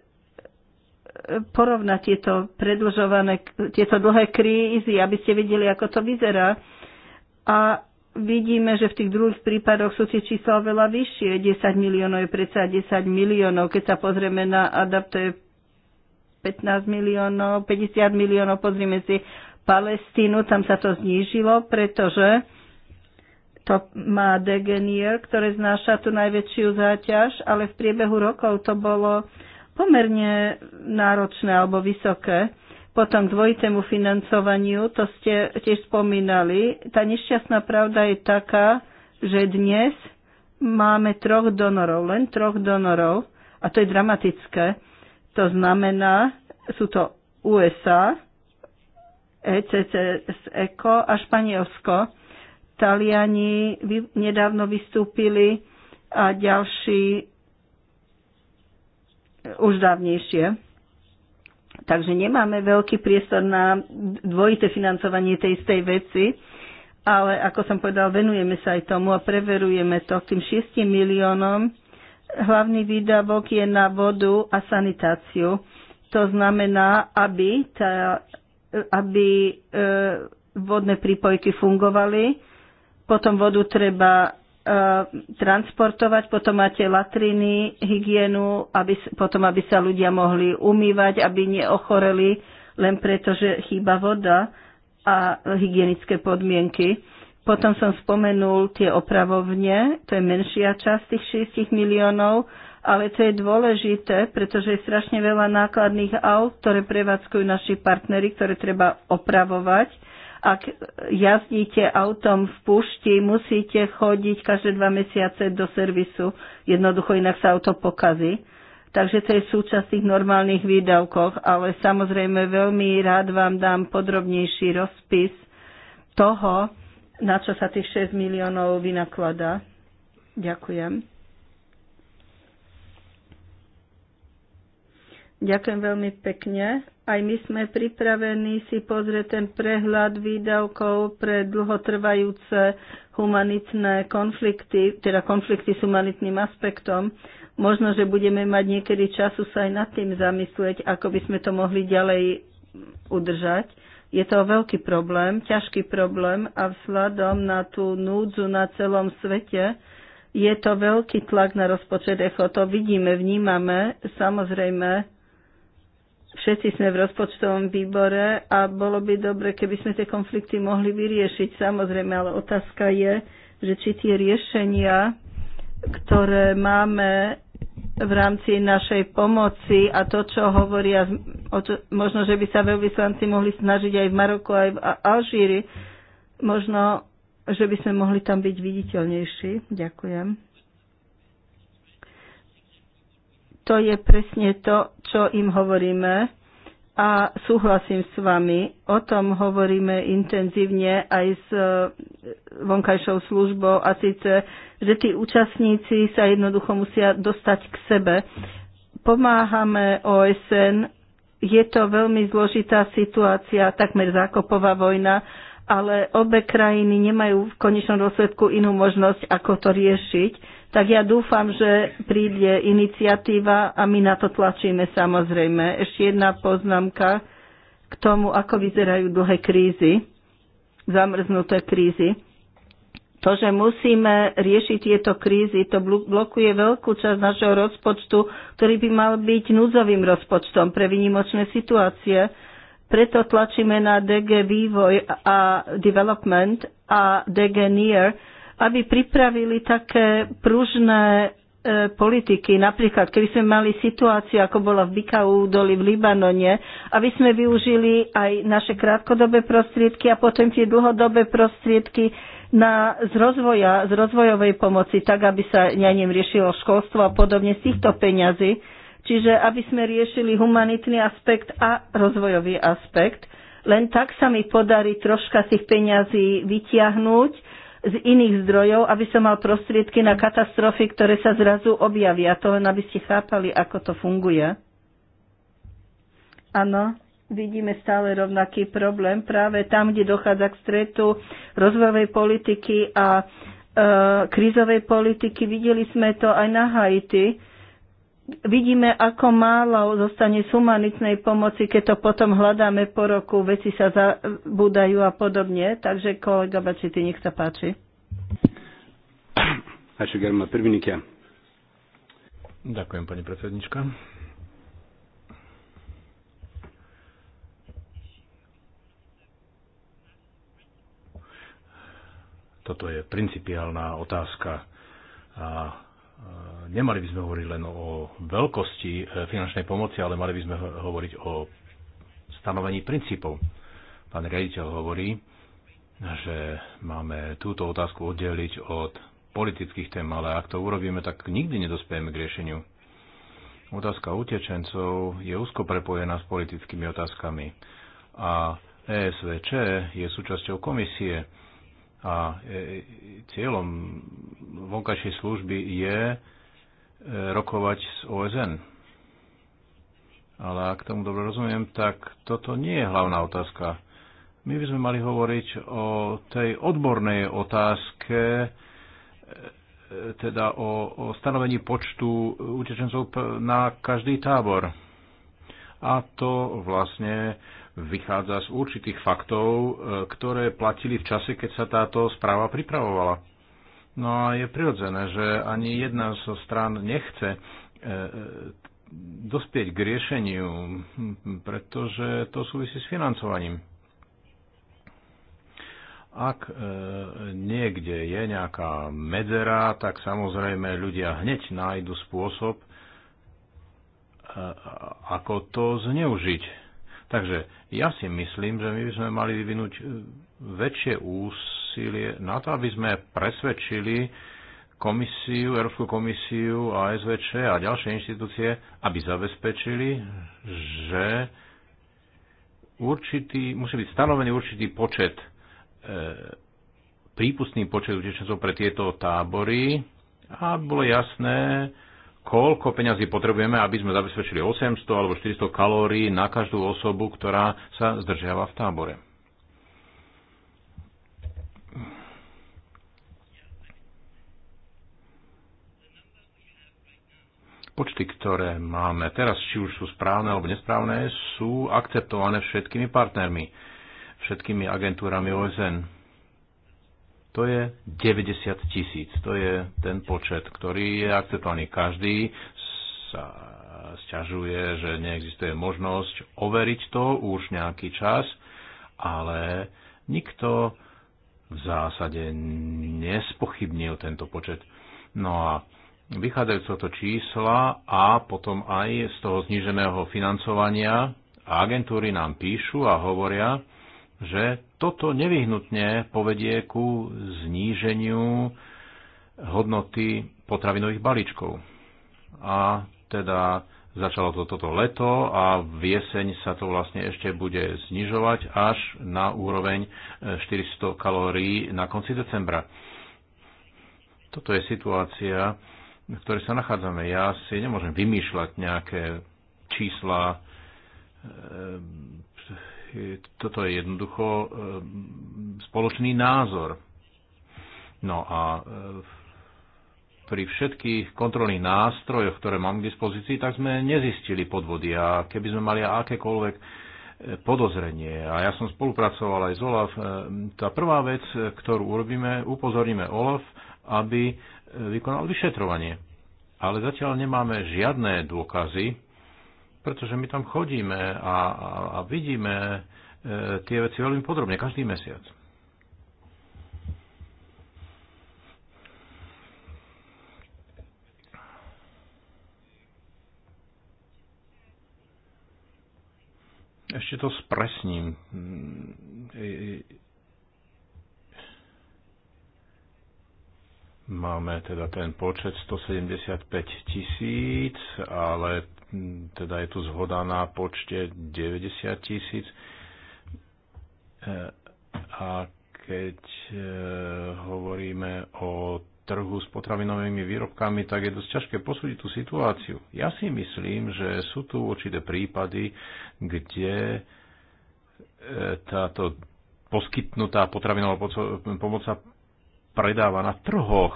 porovnať tieto predlžované, tieto dlhé krízy, aby ste videli, ako to vyzerá. A vidíme, že v tých druhých prípadoch sú tie čísla veľa vyššie. 10 miliónov je predsa 10 miliónov. Keď sa pozrieme na ADAP, to je 15 miliónov, 50 miliónov. Pozrieme si Palestínu, tam sa to znížilo, pretože to má Degenier, ktoré znáša tú najväčšiu záťaž, ale v priebehu rokov to bolo pomerne náročné alebo vysoké. Potom k dvojitému financovaniu, to ste tiež spomínali. Tá nešťastná pravda je taká, že dnes máme troch donorov, len troch donorov, a to je dramatické. To znamená, sú to USA, ECCS ECO a Španielsko. Taliani nedávno vystúpili a ďalší eh, už dávnejšie. Takže nemáme veľký priestor na dvojité financovanie tej istej veci, ale ako som povedal, venujeme sa aj tomu a preverujeme to k tým 6 miliónom. Hlavný výdavok je na vodu a sanitáciu. To znamená, aby, tá, aby e, vodné prípojky fungovali, potom vodu treba e, transportovať, potom máte latriny, hygienu, aby, potom aby sa ľudia mohli umývať, aby neochoreli len preto, že chýba voda a hygienické podmienky. Potom som spomenul tie opravovne, to je menšia časť tých 6 miliónov, ale to je dôležité, pretože je strašne veľa nákladných aut, ktoré prevádzkujú naši partnery, ktoré treba opravovať ak jazdíte autom v pušti, musíte chodiť každé dva mesiace do servisu. Jednoducho inak sa auto pokazí. Takže to je súčasť tých normálnych výdavkov, ale samozrejme veľmi rád vám dám podrobnejší rozpis toho, na čo sa tých 6 miliónov vynakladá. Ďakujem. Ďakujem veľmi pekne. Aj my sme pripravení si pozrieť ten prehľad výdavkov pre dlhotrvajúce humanitné konflikty, teda konflikty s humanitným aspektom. Možno, že budeme mať niekedy času sa aj nad tým zamyslieť, ako by sme to mohli ďalej udržať. Je to veľký problém, ťažký problém a vzhľadom na tú núdzu na celom svete je to veľký tlak na rozpočet ECHO. To vidíme, vnímame. Samozrejme, Všetci sme v rozpočtovom výbore a bolo by dobre, keby sme tie konflikty mohli vyriešiť, samozrejme, ale otázka je, že či tie riešenia, ktoré máme v rámci našej pomoci a to, čo hovoria, možno, že by sa veľvyslanci mohli snažiť aj v Maroku, aj v Alžíri, možno, že by sme mohli tam byť viditeľnejší. Ďakujem. To je presne to, čo im hovoríme a súhlasím s vami. O tom hovoríme intenzívne aj s e, vonkajšou službou a síce, že tí účastníci sa jednoducho musia dostať k sebe. Pomáhame OSN, je to veľmi zložitá situácia, takmer zákopová vojna, ale obe krajiny nemajú v konečnom dôsledku inú možnosť, ako to riešiť tak ja dúfam, že príde iniciatíva a my na to tlačíme samozrejme. Ešte jedna poznámka k tomu, ako vyzerajú dlhé krízy, zamrznuté krízy. To, že musíme riešiť tieto krízy, to blokuje veľkú časť našeho rozpočtu, ktorý by mal byť núdzovým rozpočtom pre výnimočné situácie. Preto tlačíme na DG Vývoj a Development a DG Near, aby pripravili také pružné e, politiky. Napríklad, keby sme mali situáciu, ako bola v Bikau doli v Libanone, aby sme využili aj naše krátkodobé prostriedky a potom tie dlhodobé prostriedky na, z, rozvoja, z rozvojovej pomoci, tak aby sa na ním riešilo školstvo a podobne z týchto peňazí. Čiže aby sme riešili humanitný aspekt a rozvojový aspekt. Len tak sa mi podarí troška tých peňazí vytiahnuť z iných zdrojov, aby som mal prostriedky na katastrofy, ktoré sa zrazu objavia. To len, aby ste chápali, ako to funguje. Áno, vidíme stále rovnaký problém práve tam, kde dochádza k stretu rozvojovej politiky a e, krízovej politiky. Videli sme to aj na Haiti vidíme, ako málo zostane z humanitnej pomoci, keď to potom hľadáme po roku, veci sa zabúdajú a podobne. Takže kolega Bačity, nech sa páči.
Ďakujem, pani predsednička. Toto je principiálna otázka a nemali by sme hovoriť len o veľkosti e, finančnej pomoci, ale mali by sme hovoriť o stanovení princípov. Pán riaditeľ hovorí, že máme túto otázku oddeliť od politických tém, ale ak to urobíme, tak nikdy nedospejeme k riešeniu. Otázka utečencov je úzko prepojená s politickými otázkami a ESVČ je súčasťou komisie a e, e, cieľom vonkajšej služby je rokovať s OSN. Ale ak tomu dobre rozumiem, tak toto nie je hlavná otázka. My by sme mali hovoriť o tej odbornej otázke, e, teda o, o stanovení počtu utečencov na každý tábor. A to vlastne vychádza z určitých faktov, e, ktoré platili v čase, keď sa táto správa pripravovala. No a je prirodzené, že ani jedna zo strán nechce e, e, dospieť k riešeniu, pretože to súvisí s financovaním. Ak e, niekde je nejaká medzera, tak samozrejme ľudia hneď nájdu spôsob, ako to zneužiť Takže ja si myslím, že my by sme mali vyvinúť e, väčšie úsilie na to, aby sme presvedčili komisiu, Európsku komisiu a SVČ a ďalšie inštitúcie, aby zabezpečili, že určitý, musí byť stanovený určitý počet, e, prípustný počet utečencov pre tieto tábory a bolo jasné, koľko peňazí potrebujeme, aby sme zabezpečili 800 alebo 400 kalórií na každú osobu, ktorá sa zdržiava v tábore. Počty, ktoré máme teraz, či už sú správne alebo nesprávne, sú akceptované všetkými partnermi, všetkými agentúrami OSN to je 90 tisíc. To je ten počet, ktorý je akceptovaný. Každý sa sťažuje, že neexistuje možnosť overiť to už nejaký čas, ale nikto v zásade nespochybnil tento počet. No a vychádzajú z tohto čísla a potom aj z toho zníženého financovania agentúry nám píšu a hovoria, že toto nevyhnutne povedie ku zníženiu hodnoty potravinových balíčkov. A teda začalo to toto leto a v jeseň sa to vlastne ešte bude znižovať až na úroveň 400 e, kalórií na konci decembra. Toto je situácia, v ktorej sa nachádzame. Ja si nemôžem vymýšľať nejaké čísla e, toto je jednoducho e, spoločný názor. No a e, pri všetkých kontrolných nástrojoch, ktoré mám k dispozícii, tak sme nezistili podvody. A keby sme mali akékoľvek e, podozrenie, a ja som spolupracoval aj s OLAF, tá prvá vec, ktorú urobíme, upozoríme OLAF, aby vykonal vyšetrovanie. Ale zatiaľ nemáme žiadne dôkazy, pretože my tam chodíme a, a, a vidíme e, tie veci veľmi podrobne, každý mesiac. Ešte to spresním. E, e, Máme teda ten počet 175 tisíc, ale teda je tu zhoda na počte 90 tisíc. E, a keď e, hovoríme o trhu s potravinovými výrobkami, tak je dosť ťažké posúdiť tú situáciu. Ja si myslím, že sú tu určité prípady, kde e, táto poskytnutá potravinová pomoc sa predáva na trhoch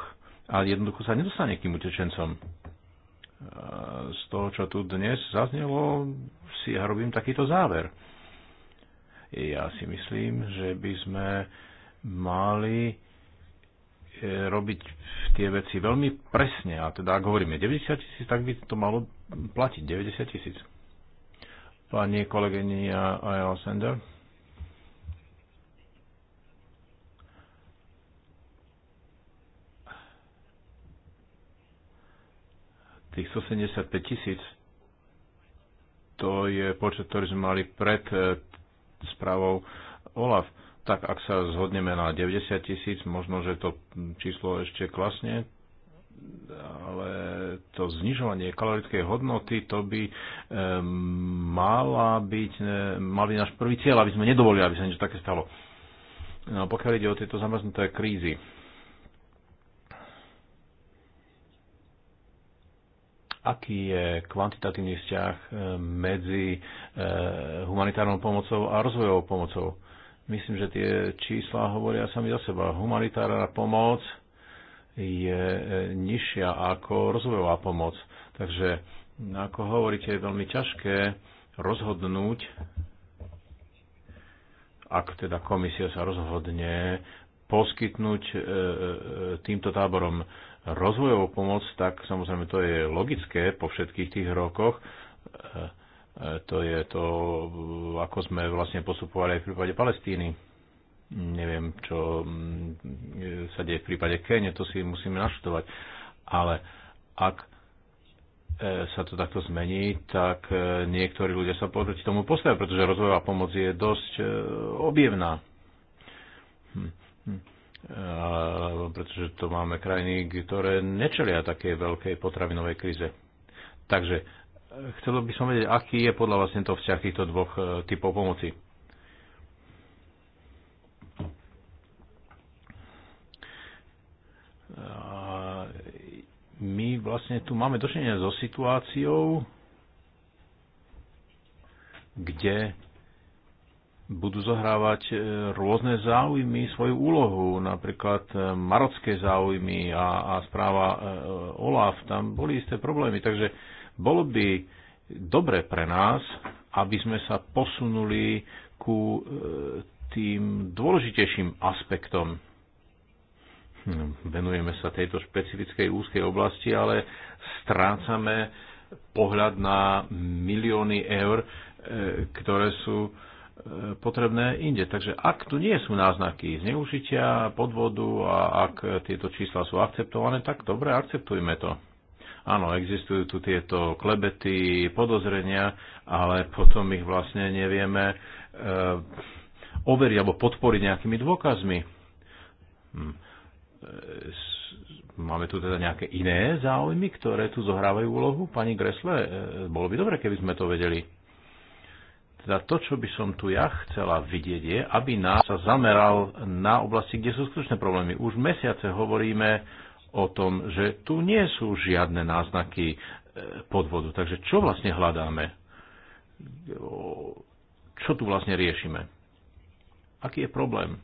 a jednoducho sa nedostane k tým utečencom z toho, čo tu dnes zaznelo, si ja robím takýto záver. Ja si myslím, že by sme mali e, robiť tie veci veľmi presne. A teda, ak hovoríme 90 tisíc, tak by to malo platiť 90 tisíc. Pani kolegyňa Ayala Sender. Tých 175 tisíc, to je počet, ktorý sme mali pred e, správou OLAF. Tak ak sa zhodneme na 90 tisíc, možno, že to číslo ešte klasne, ale to znižovanie kalorickej hodnoty, to by e, mala byť, e, mal byť náš prvý cieľ, aby sme nedovolili, aby sa niečo také stalo. No, pokiaľ ide o tieto zamrznuté krízy, aký je kvantitatívny vzťah eh, medzi eh, humanitárnou pomocou a rozvojovou pomocou. Myslím, že tie čísla hovoria sami za seba. Humanitárna pomoc je eh, nižšia ako rozvojová pomoc. Takže, ako hovoríte, je veľmi ťažké rozhodnúť, ak teda komisia sa rozhodne poskytnúť týmto táborom rozvojovú pomoc, tak samozrejme to je logické po všetkých tých rokoch. E, e, to je to, ako sme vlastne postupovali aj v prípade Palestíny. Neviem, čo e, sa deje v prípade Kene, to si musíme naštudovať. Ale ak sa to takto zmení, tak niektorí ľudia sa proti tomu postavia, pretože rozvojová pomoc je dosť objemná. Hm. Hm pretože to máme krajiny, ktoré nečelia také veľkej potravinovej krize. Takže e, chcelo by som vedieť, aký je podľa vás tento vzťah týchto dvoch e, typov pomoci. My vlastne tu máme dočinenia so situáciou, kde budú zohrávať e, rôzne záujmy svoju úlohu, napríklad e, marocké záujmy a, a správa e, OLAF, tam boli isté problémy. Takže bolo by dobre pre nás, aby sme sa posunuli ku tým dôležitejším aspektom. No, venujeme sa tejto špecifickej úzkej oblasti, ale strácame pohľad na milióny eur, ktoré sú potrebné inde. Takže ak tu nie sú náznaky zneužitia, podvodu a ak tieto čísla sú akceptované, tak dobre, akceptujme to. Áno, existujú tu tieto klebety, podozrenia, ale potom ich vlastne nevieme e, overiť alebo podporiť nejakými dôkazmi. Hm. Eh, máme tu teda nejaké iné záujmy, ktoré tu zohrávajú úlohu? Pani Gresle, eh, bolo by dobre, keby sme to vedeli. Teda to, čo by som tu ja chcela vidieť, je, aby nás sa zameral na oblasti, kde sú skutočné problémy. Už mesiace hovoríme o tom, že tu nie sú žiadne náznaky e, podvodu. Takže čo vlastne hľadáme? Čo tu vlastne riešime? Aký je problém?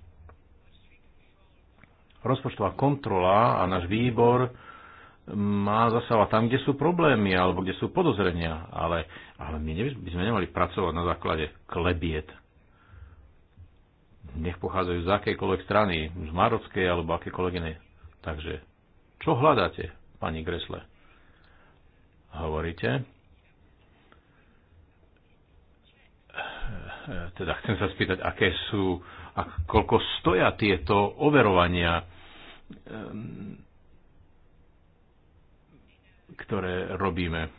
Rozpočtová kontrola a náš výbor má zasahovať tam, kde sú problémy alebo kde sú podozrenia, ale ale my by sme nemali pracovať na základe klebiet. Nech pochádzajú z akejkoľvek strany, z marockej alebo akékoľvek inej. Takže, čo hľadáte, pani Gresle? Hovoríte? Teda chcem sa spýtať, aké sú, a koľko stoja tieto overovania, ehm, ktoré robíme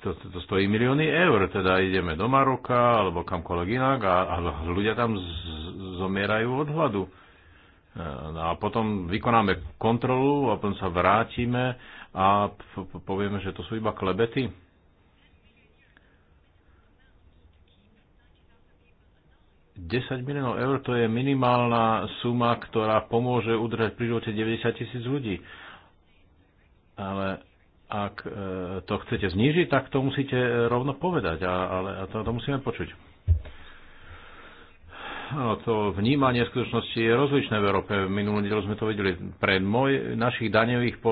to, to, to stojí milióny eur, teda ideme do Maroka alebo kamkoľvek inak a, a ľudia tam z, zomierajú od hladu. E, a potom vykonáme kontrolu a potom sa vrátime a povieme, že to sú iba klebety. Desať miliónov eur to je minimálna suma, ktorá pomôže udržať pri živote 90 tisíc ľudí. Ale ak e, to chcete znížiť, tak to musíte e, rovno povedať, a, ale a to, to musíme počuť. No, to vnímanie skutočnosti je rozličné v Európe. Minulý nedelu sme to videli. Pre moj, našich daňových po,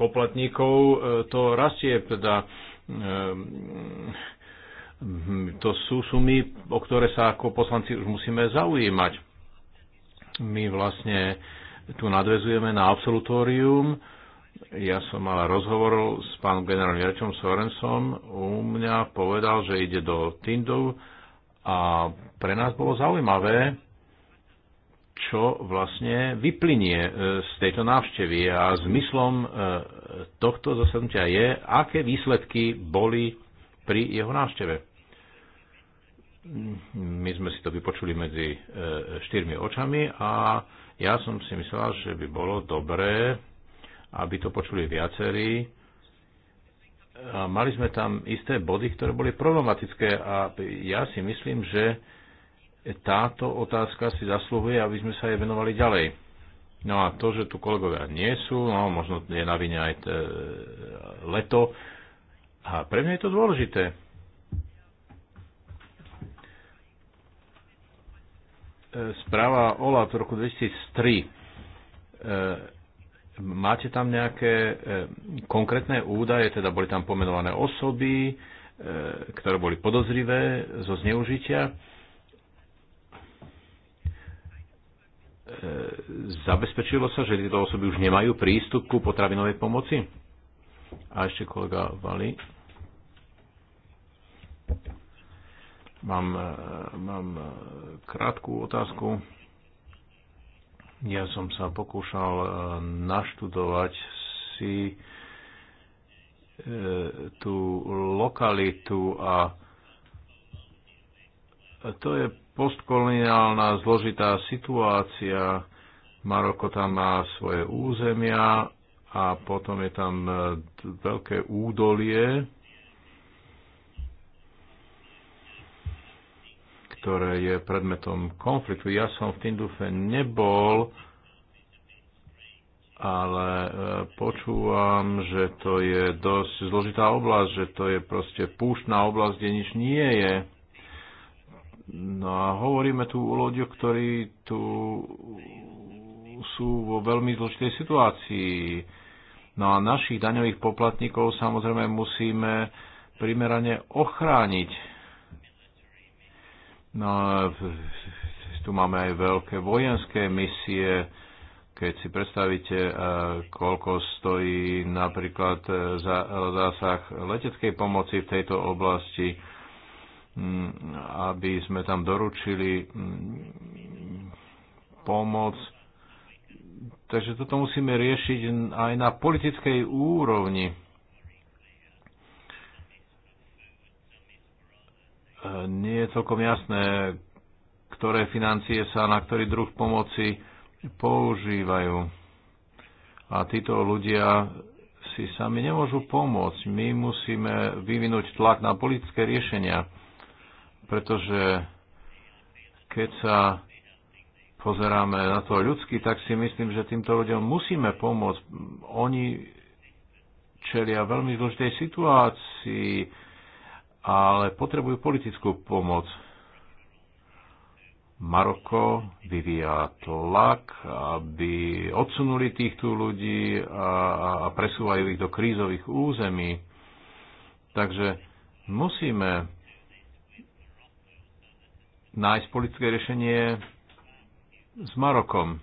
poplatníkov e, to rastie, teda to sú sumy, o ktoré sa ako poslanci už musíme zaujímať. My vlastne tu nadvezujeme na absolutórium, ja som mal rozhovor s pánom generálom riaditeľom Sorensom. U mňa povedal, že ide do Tindov a pre nás bolo zaujímavé, čo vlastne vyplynie e, z tejto návštevy. A zmyslom e, tohto zasadnutia je, aké výsledky boli pri jeho návšteve. My sme si to vypočuli medzi e, štyrmi očami a ja som si myslela, že by bolo dobré aby to počuli viacerí. A mali sme tam isté body, ktoré boli problematické a ja si myslím, že táto otázka si zasluhuje, aby sme sa jej venovali ďalej. No a to, že tu kolegovia nie sú, no možno je na vine aj e, leto. A pre mňa je to dôležité. E, správa Ola v roku 2003 e, Máte tam nejaké e, konkrétne údaje, teda boli tam pomenované osoby, e, ktoré boli podozrivé zo zneužitia? E, zabezpečilo sa, že tieto osoby už nemajú prístup ku potravinovej pomoci? A ešte kolega Vali. Mám, mám krátku otázku ja som sa pokúšal e, naštudovať si e, tú lokalitu a to je postkoloniálna zložitá situácia. Maroko tam má svoje územia a potom je tam e, veľké údolie, ktoré je predmetom konfliktu. Ja som v Tindufe nebol, ale e, počúvam, že to je dosť zložitá oblasť, že to je proste púštna oblasť, kde nič nie je. No a hovoríme tu o ľuďoch, ktorí tu sú vo veľmi zložitej situácii. No a našich daňových poplatníkov samozrejme musíme primerane ochrániť No, tu máme aj veľké vojenské misie. Keď si predstavíte, eh, koľko stojí napríklad eh, za zásah leteckej pomoci v tejto oblasti, mm, aby sme tam doručili mm, pomoc. Takže toto musíme riešiť aj na politickej úrovni nie je celkom jasné, ktoré financie sa na ktorý druh pomoci používajú. A títo ľudia si sami nemôžu pomôcť. My musíme vyvinúť tlak na politické riešenia, pretože keď sa pozeráme na to ľudsky, tak si myslím, že týmto ľuďom musíme pomôcť. Oni čelia veľmi zložitej situácii, ale potrebujú politickú pomoc. Maroko vyvíja tlak, aby odsunuli týchto ľudí a, a presúvajú ich do krízových území. Takže musíme nájsť politické riešenie s Marokom.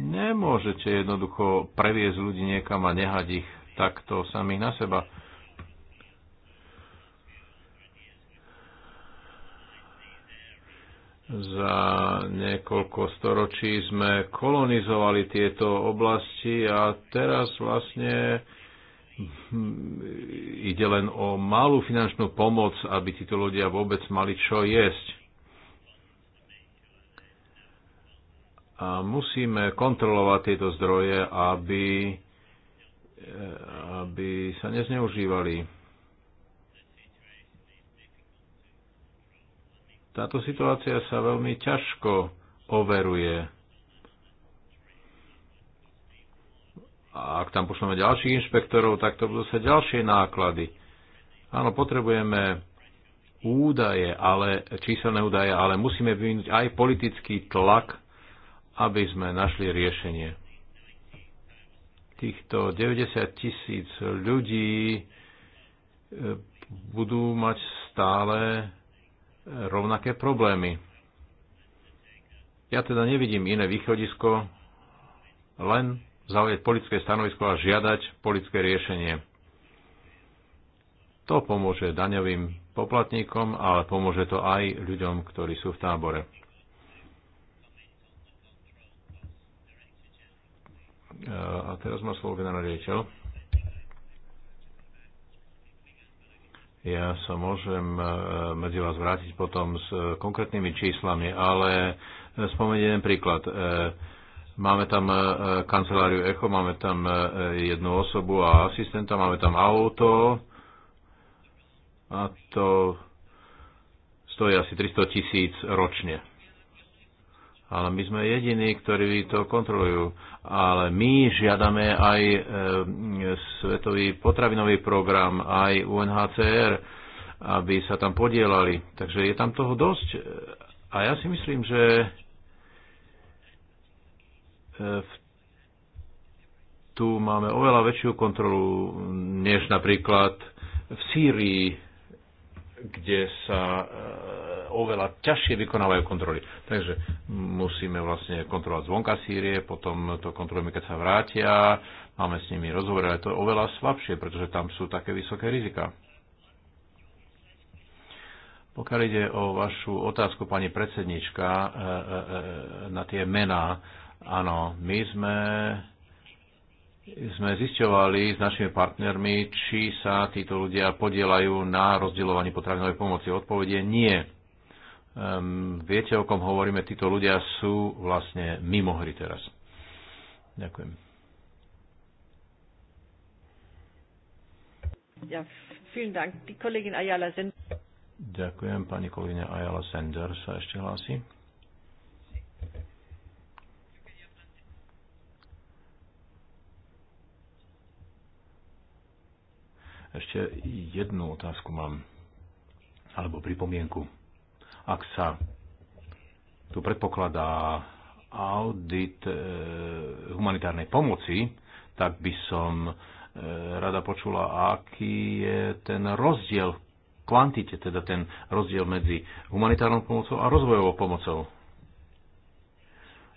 Nemôžete jednoducho previesť ľudí niekam a nehať ich takto samých na seba. Za niekoľko storočí sme kolonizovali tieto oblasti a teraz vlastne ide len o malú finančnú pomoc, aby títo ľudia vôbec mali čo jesť. a musíme kontrolovať tieto zdroje, aby, aby sa nezneužívali. Táto situácia sa veľmi ťažko overuje. A ak tam pošleme ďalších inšpektorov, tak to budú sa ďalšie náklady. Áno, potrebujeme údaje, ale, číselné údaje, ale musíme vyvinúť aj politický tlak, aby sme našli riešenie. Týchto 90 tisíc ľudí e, budú mať stále rovnaké problémy. Ja teda nevidím iné východisko, len zaujať politické stanovisko a žiadať politické riešenie. To pomôže daňovým poplatníkom, ale pomôže to aj ľuďom, ktorí sú v tábore. E, a teraz má slovo generál riaditeľ. Ja sa môžem e, medzi vás vrátiť potom s e, konkrétnymi číslami, ale e, spomeniem príklad. Máme tam kanceláriu ECHO, máme tam jednu osobu a asistenta, máme tam auto a to stojí asi 300 tisíc ročne ale my sme jediní, ktorí to kontrolujú. Ale my žiadame aj e, Svetový potravinový program, aj UNHCR, aby sa tam podielali. Takže je tam toho dosť. A ja si myslím, že e, v tu máme oveľa väčšiu kontrolu než napríklad v Sýrii kde sa e, oveľa ťažšie vykonávajú kontroly. Takže musíme vlastne kontrolovať zvonka Sýrie, potom to kontrolujeme, keď sa vrátia, máme s nimi rozhovor, ale to je oveľa slabšie, pretože tam sú také vysoké rizika. Pokiaľ ide o vašu otázku, pani predsednička, e, e, na tie mená, áno, my sme sme zisťovali s našimi partnermi, či sa títo ľudia podielajú na rozdielovaní potravinovej pomoci. Odpovedie nie. Um, viete, o kom hovoríme? Títo ľudia sú vlastne mimo hry teraz. Ďakujem.
Ja, vielen Dank. Die Kollegin Ayala Sender.
Ďakujem. Pani kolegyňa Ayala Sender sa ešte hlási. Ešte jednu otázku mám, alebo pripomienku. Ak sa tu predpokladá audit e, humanitárnej pomoci, tak by som e, rada počula, aký je ten rozdiel v kvantite, teda ten rozdiel medzi humanitárnou pomocou a rozvojovou pomocou.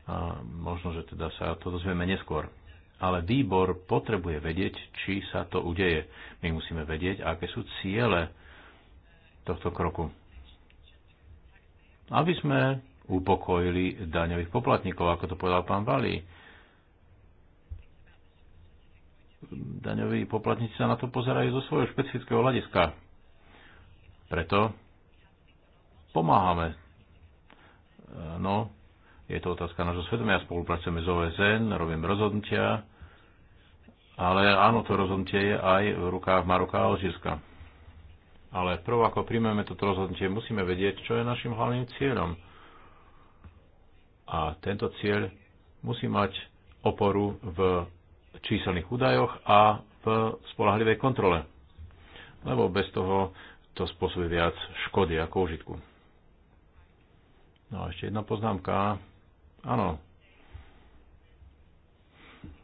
A možno, že teda sa to dozvieme neskôr ale výbor potrebuje vedieť, či sa to udeje. My musíme vedieť, aké sú ciele tohto kroku. Aby sme upokojili daňových poplatníkov, ako to povedal pán Valí. Daňoví poplatníci sa na to pozerajú zo svojho špecifického hľadiska. Preto pomáhame. No, je to otázka nášho svedomia. Spolupracujeme s OSN, robím rozhodnutia, ale áno, to rozhodnutie je aj v rukách Maroka a Alžírska. Ale prv, ako príjmeme toto rozhodnutie, musíme vedieť, čo je našim hlavným cieľom. A tento cieľ musí mať oporu v číselných údajoch a v spolahlivej kontrole. Lebo bez toho to spôsobí viac škody ako užitku. No a ešte jedna poznámka Áno.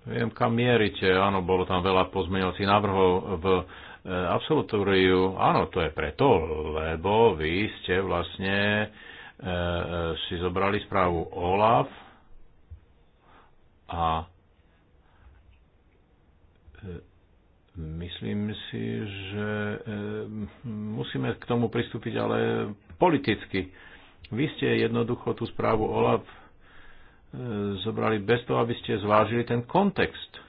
Viem, kam mierite. Áno, bolo tam veľa pozmeňovacích návrhov v eh, absolutóriu. Áno, to je preto, lebo vy ste vlastne e, si zobrali správu OLAF a myslím si, že musíme k tomu pristúpiť ale politicky. Vy ste jednoducho tú správu OLAF E, zobrali bez toho, aby ste zvážili ten kontext.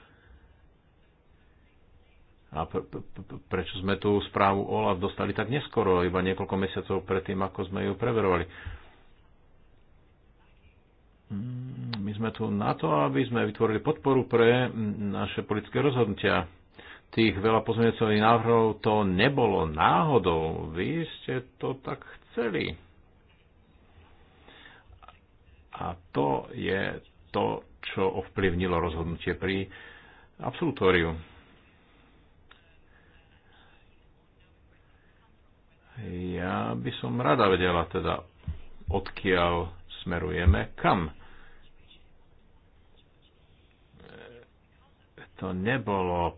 A pre, pre, prečo sme tú správu OLAF dostali tak neskoro, iba niekoľko mesiacov predtým, ako sme ju preverovali. Mm, my sme tu na to, aby sme vytvorili podporu pre naše politické rozhodnutia. Tých veľa pozmeňovacích návrhov to nebolo náhodou. Vy ste to tak chceli. A to je to, čo ovplyvnilo rozhodnutie pri absolutóriu. Ja by som rada vedela teda, odkiaľ smerujeme, kam. To nebolo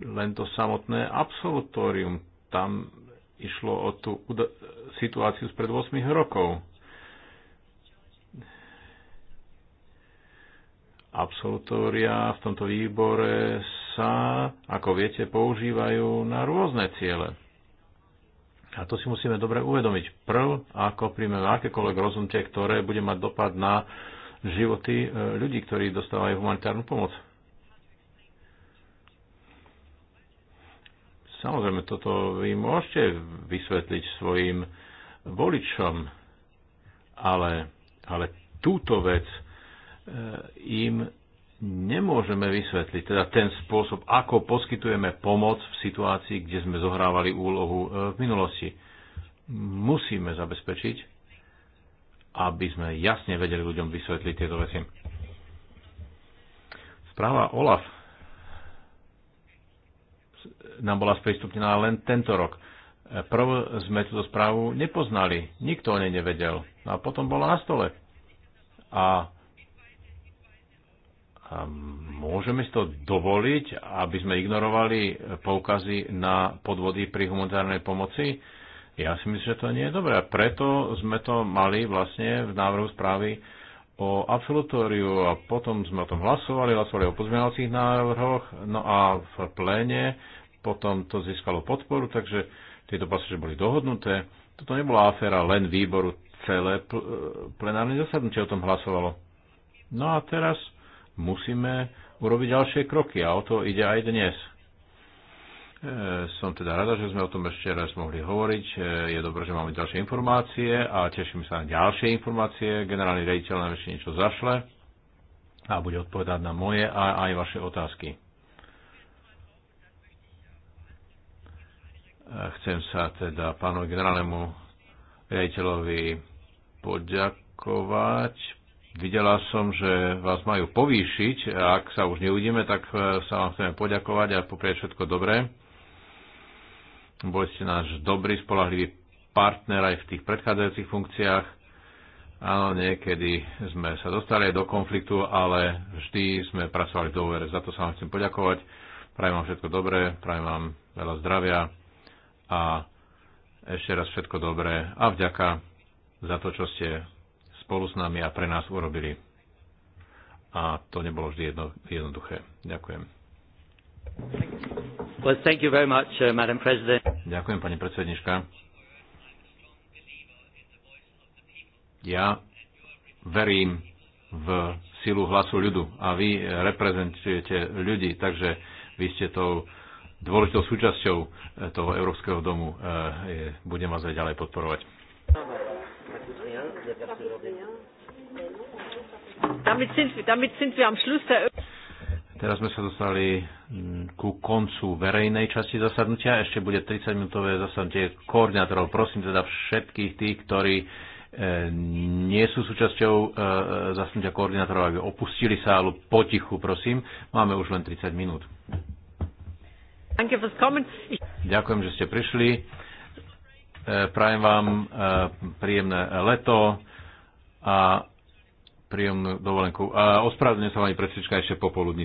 len to samotné absolutórium. Tam Išlo o tú situáciu spred 8 rokov. Absolutória v tomto výbore sa, ako viete, používajú na rôzne ciele. A to si musíme dobre uvedomiť. Prv, ako príjmeme akékoľvek rozhodnutie, ktoré bude mať dopad na životy e, ľudí, ktorí dostávajú humanitárnu pomoc. Samozrejme, toto vy môžete vysvetliť svojim voličom, ale, ale túto vec e, im nemôžeme vysvetliť. Teda ten spôsob, ako poskytujeme pomoc v situácii, kde sme zohrávali úlohu e, v minulosti. Musíme zabezpečiť, aby sme jasne vedeli ľuďom vysvetliť tieto veci. Správa OLAF nám bola sprístupnená len tento rok. E, prv sme túto správu nepoznali, nikto o nej nevedel. A potom bola na stole. A, a môžeme si to dovoliť, aby sme ignorovali poukazy na podvody pri humanitárnej pomoci? Ja si myslím, že to nie je dobré. A preto sme to mali vlastne v návrhu správy o absolutóriu a potom sme o tom hlasovali, hlasovali o pozmeňovacích návrhoch, no a v pléne potom to získalo podporu, takže tieto pasáže boli dohodnuté. Toto nebola aféra len výboru, celé pl- plenárne zasadnutie o tom hlasovalo. No a teraz musíme urobiť ďalšie kroky a o to ide aj dnes. E, som teda rada, že sme o tom ešte raz mohli hovoriť. E, je dobré, že máme ďalšie informácie a teším sa na ďalšie informácie. Generálny riaditeľ nám ešte niečo zašle a bude odpovedať na moje a aj vaše otázky. Chcem sa teda pánu generálnemu riaditeľovi poďakovať. Videla som, že vás majú povýšiť. A ak sa už neuvidíme, tak e, sa vám chceme poďakovať a poprieť všetko dobré. Boli ste náš dobrý, spolahlivý partner aj v tých predchádzajúcich funkciách. Áno, niekedy sme sa dostali do konfliktu, ale vždy sme pracovali v dôvere. Za to sa vám chcem poďakovať. Prajem vám všetko dobré, prajem vám veľa zdravia a ešte raz všetko dobré a vďaka za to, čo ste spolu s nami a pre nás urobili. A to nebolo vždy jedno, jednoduché. Ďakujem. Well, thank you very much, uh, Madam President. Ďakujem, pani predsednička. Ja verím v silu hlasu ľudu a vy reprezentujete ľudí, takže vy ste tou dôležitou súčasťou e, toho Európskeho domu. E, Budem vás aj ďalej podporovať. Teraz sme sa dostali ku koncu verejnej časti zasadnutia. Ešte bude 30-minútové zasadnutie koordinátorov. Prosím teda všetkých tých, ktorí e, nie sú súčasťou zasnutia koordinátorov, aby opustili sálu potichu, prosím. Máme už len 30 minút.
Ďakujem,
že ste prišli. E, prajem vám e, príjemné leto a príjemnú dovolenku. A ospravedlňujem sa vám, predsička, ešte popoludní.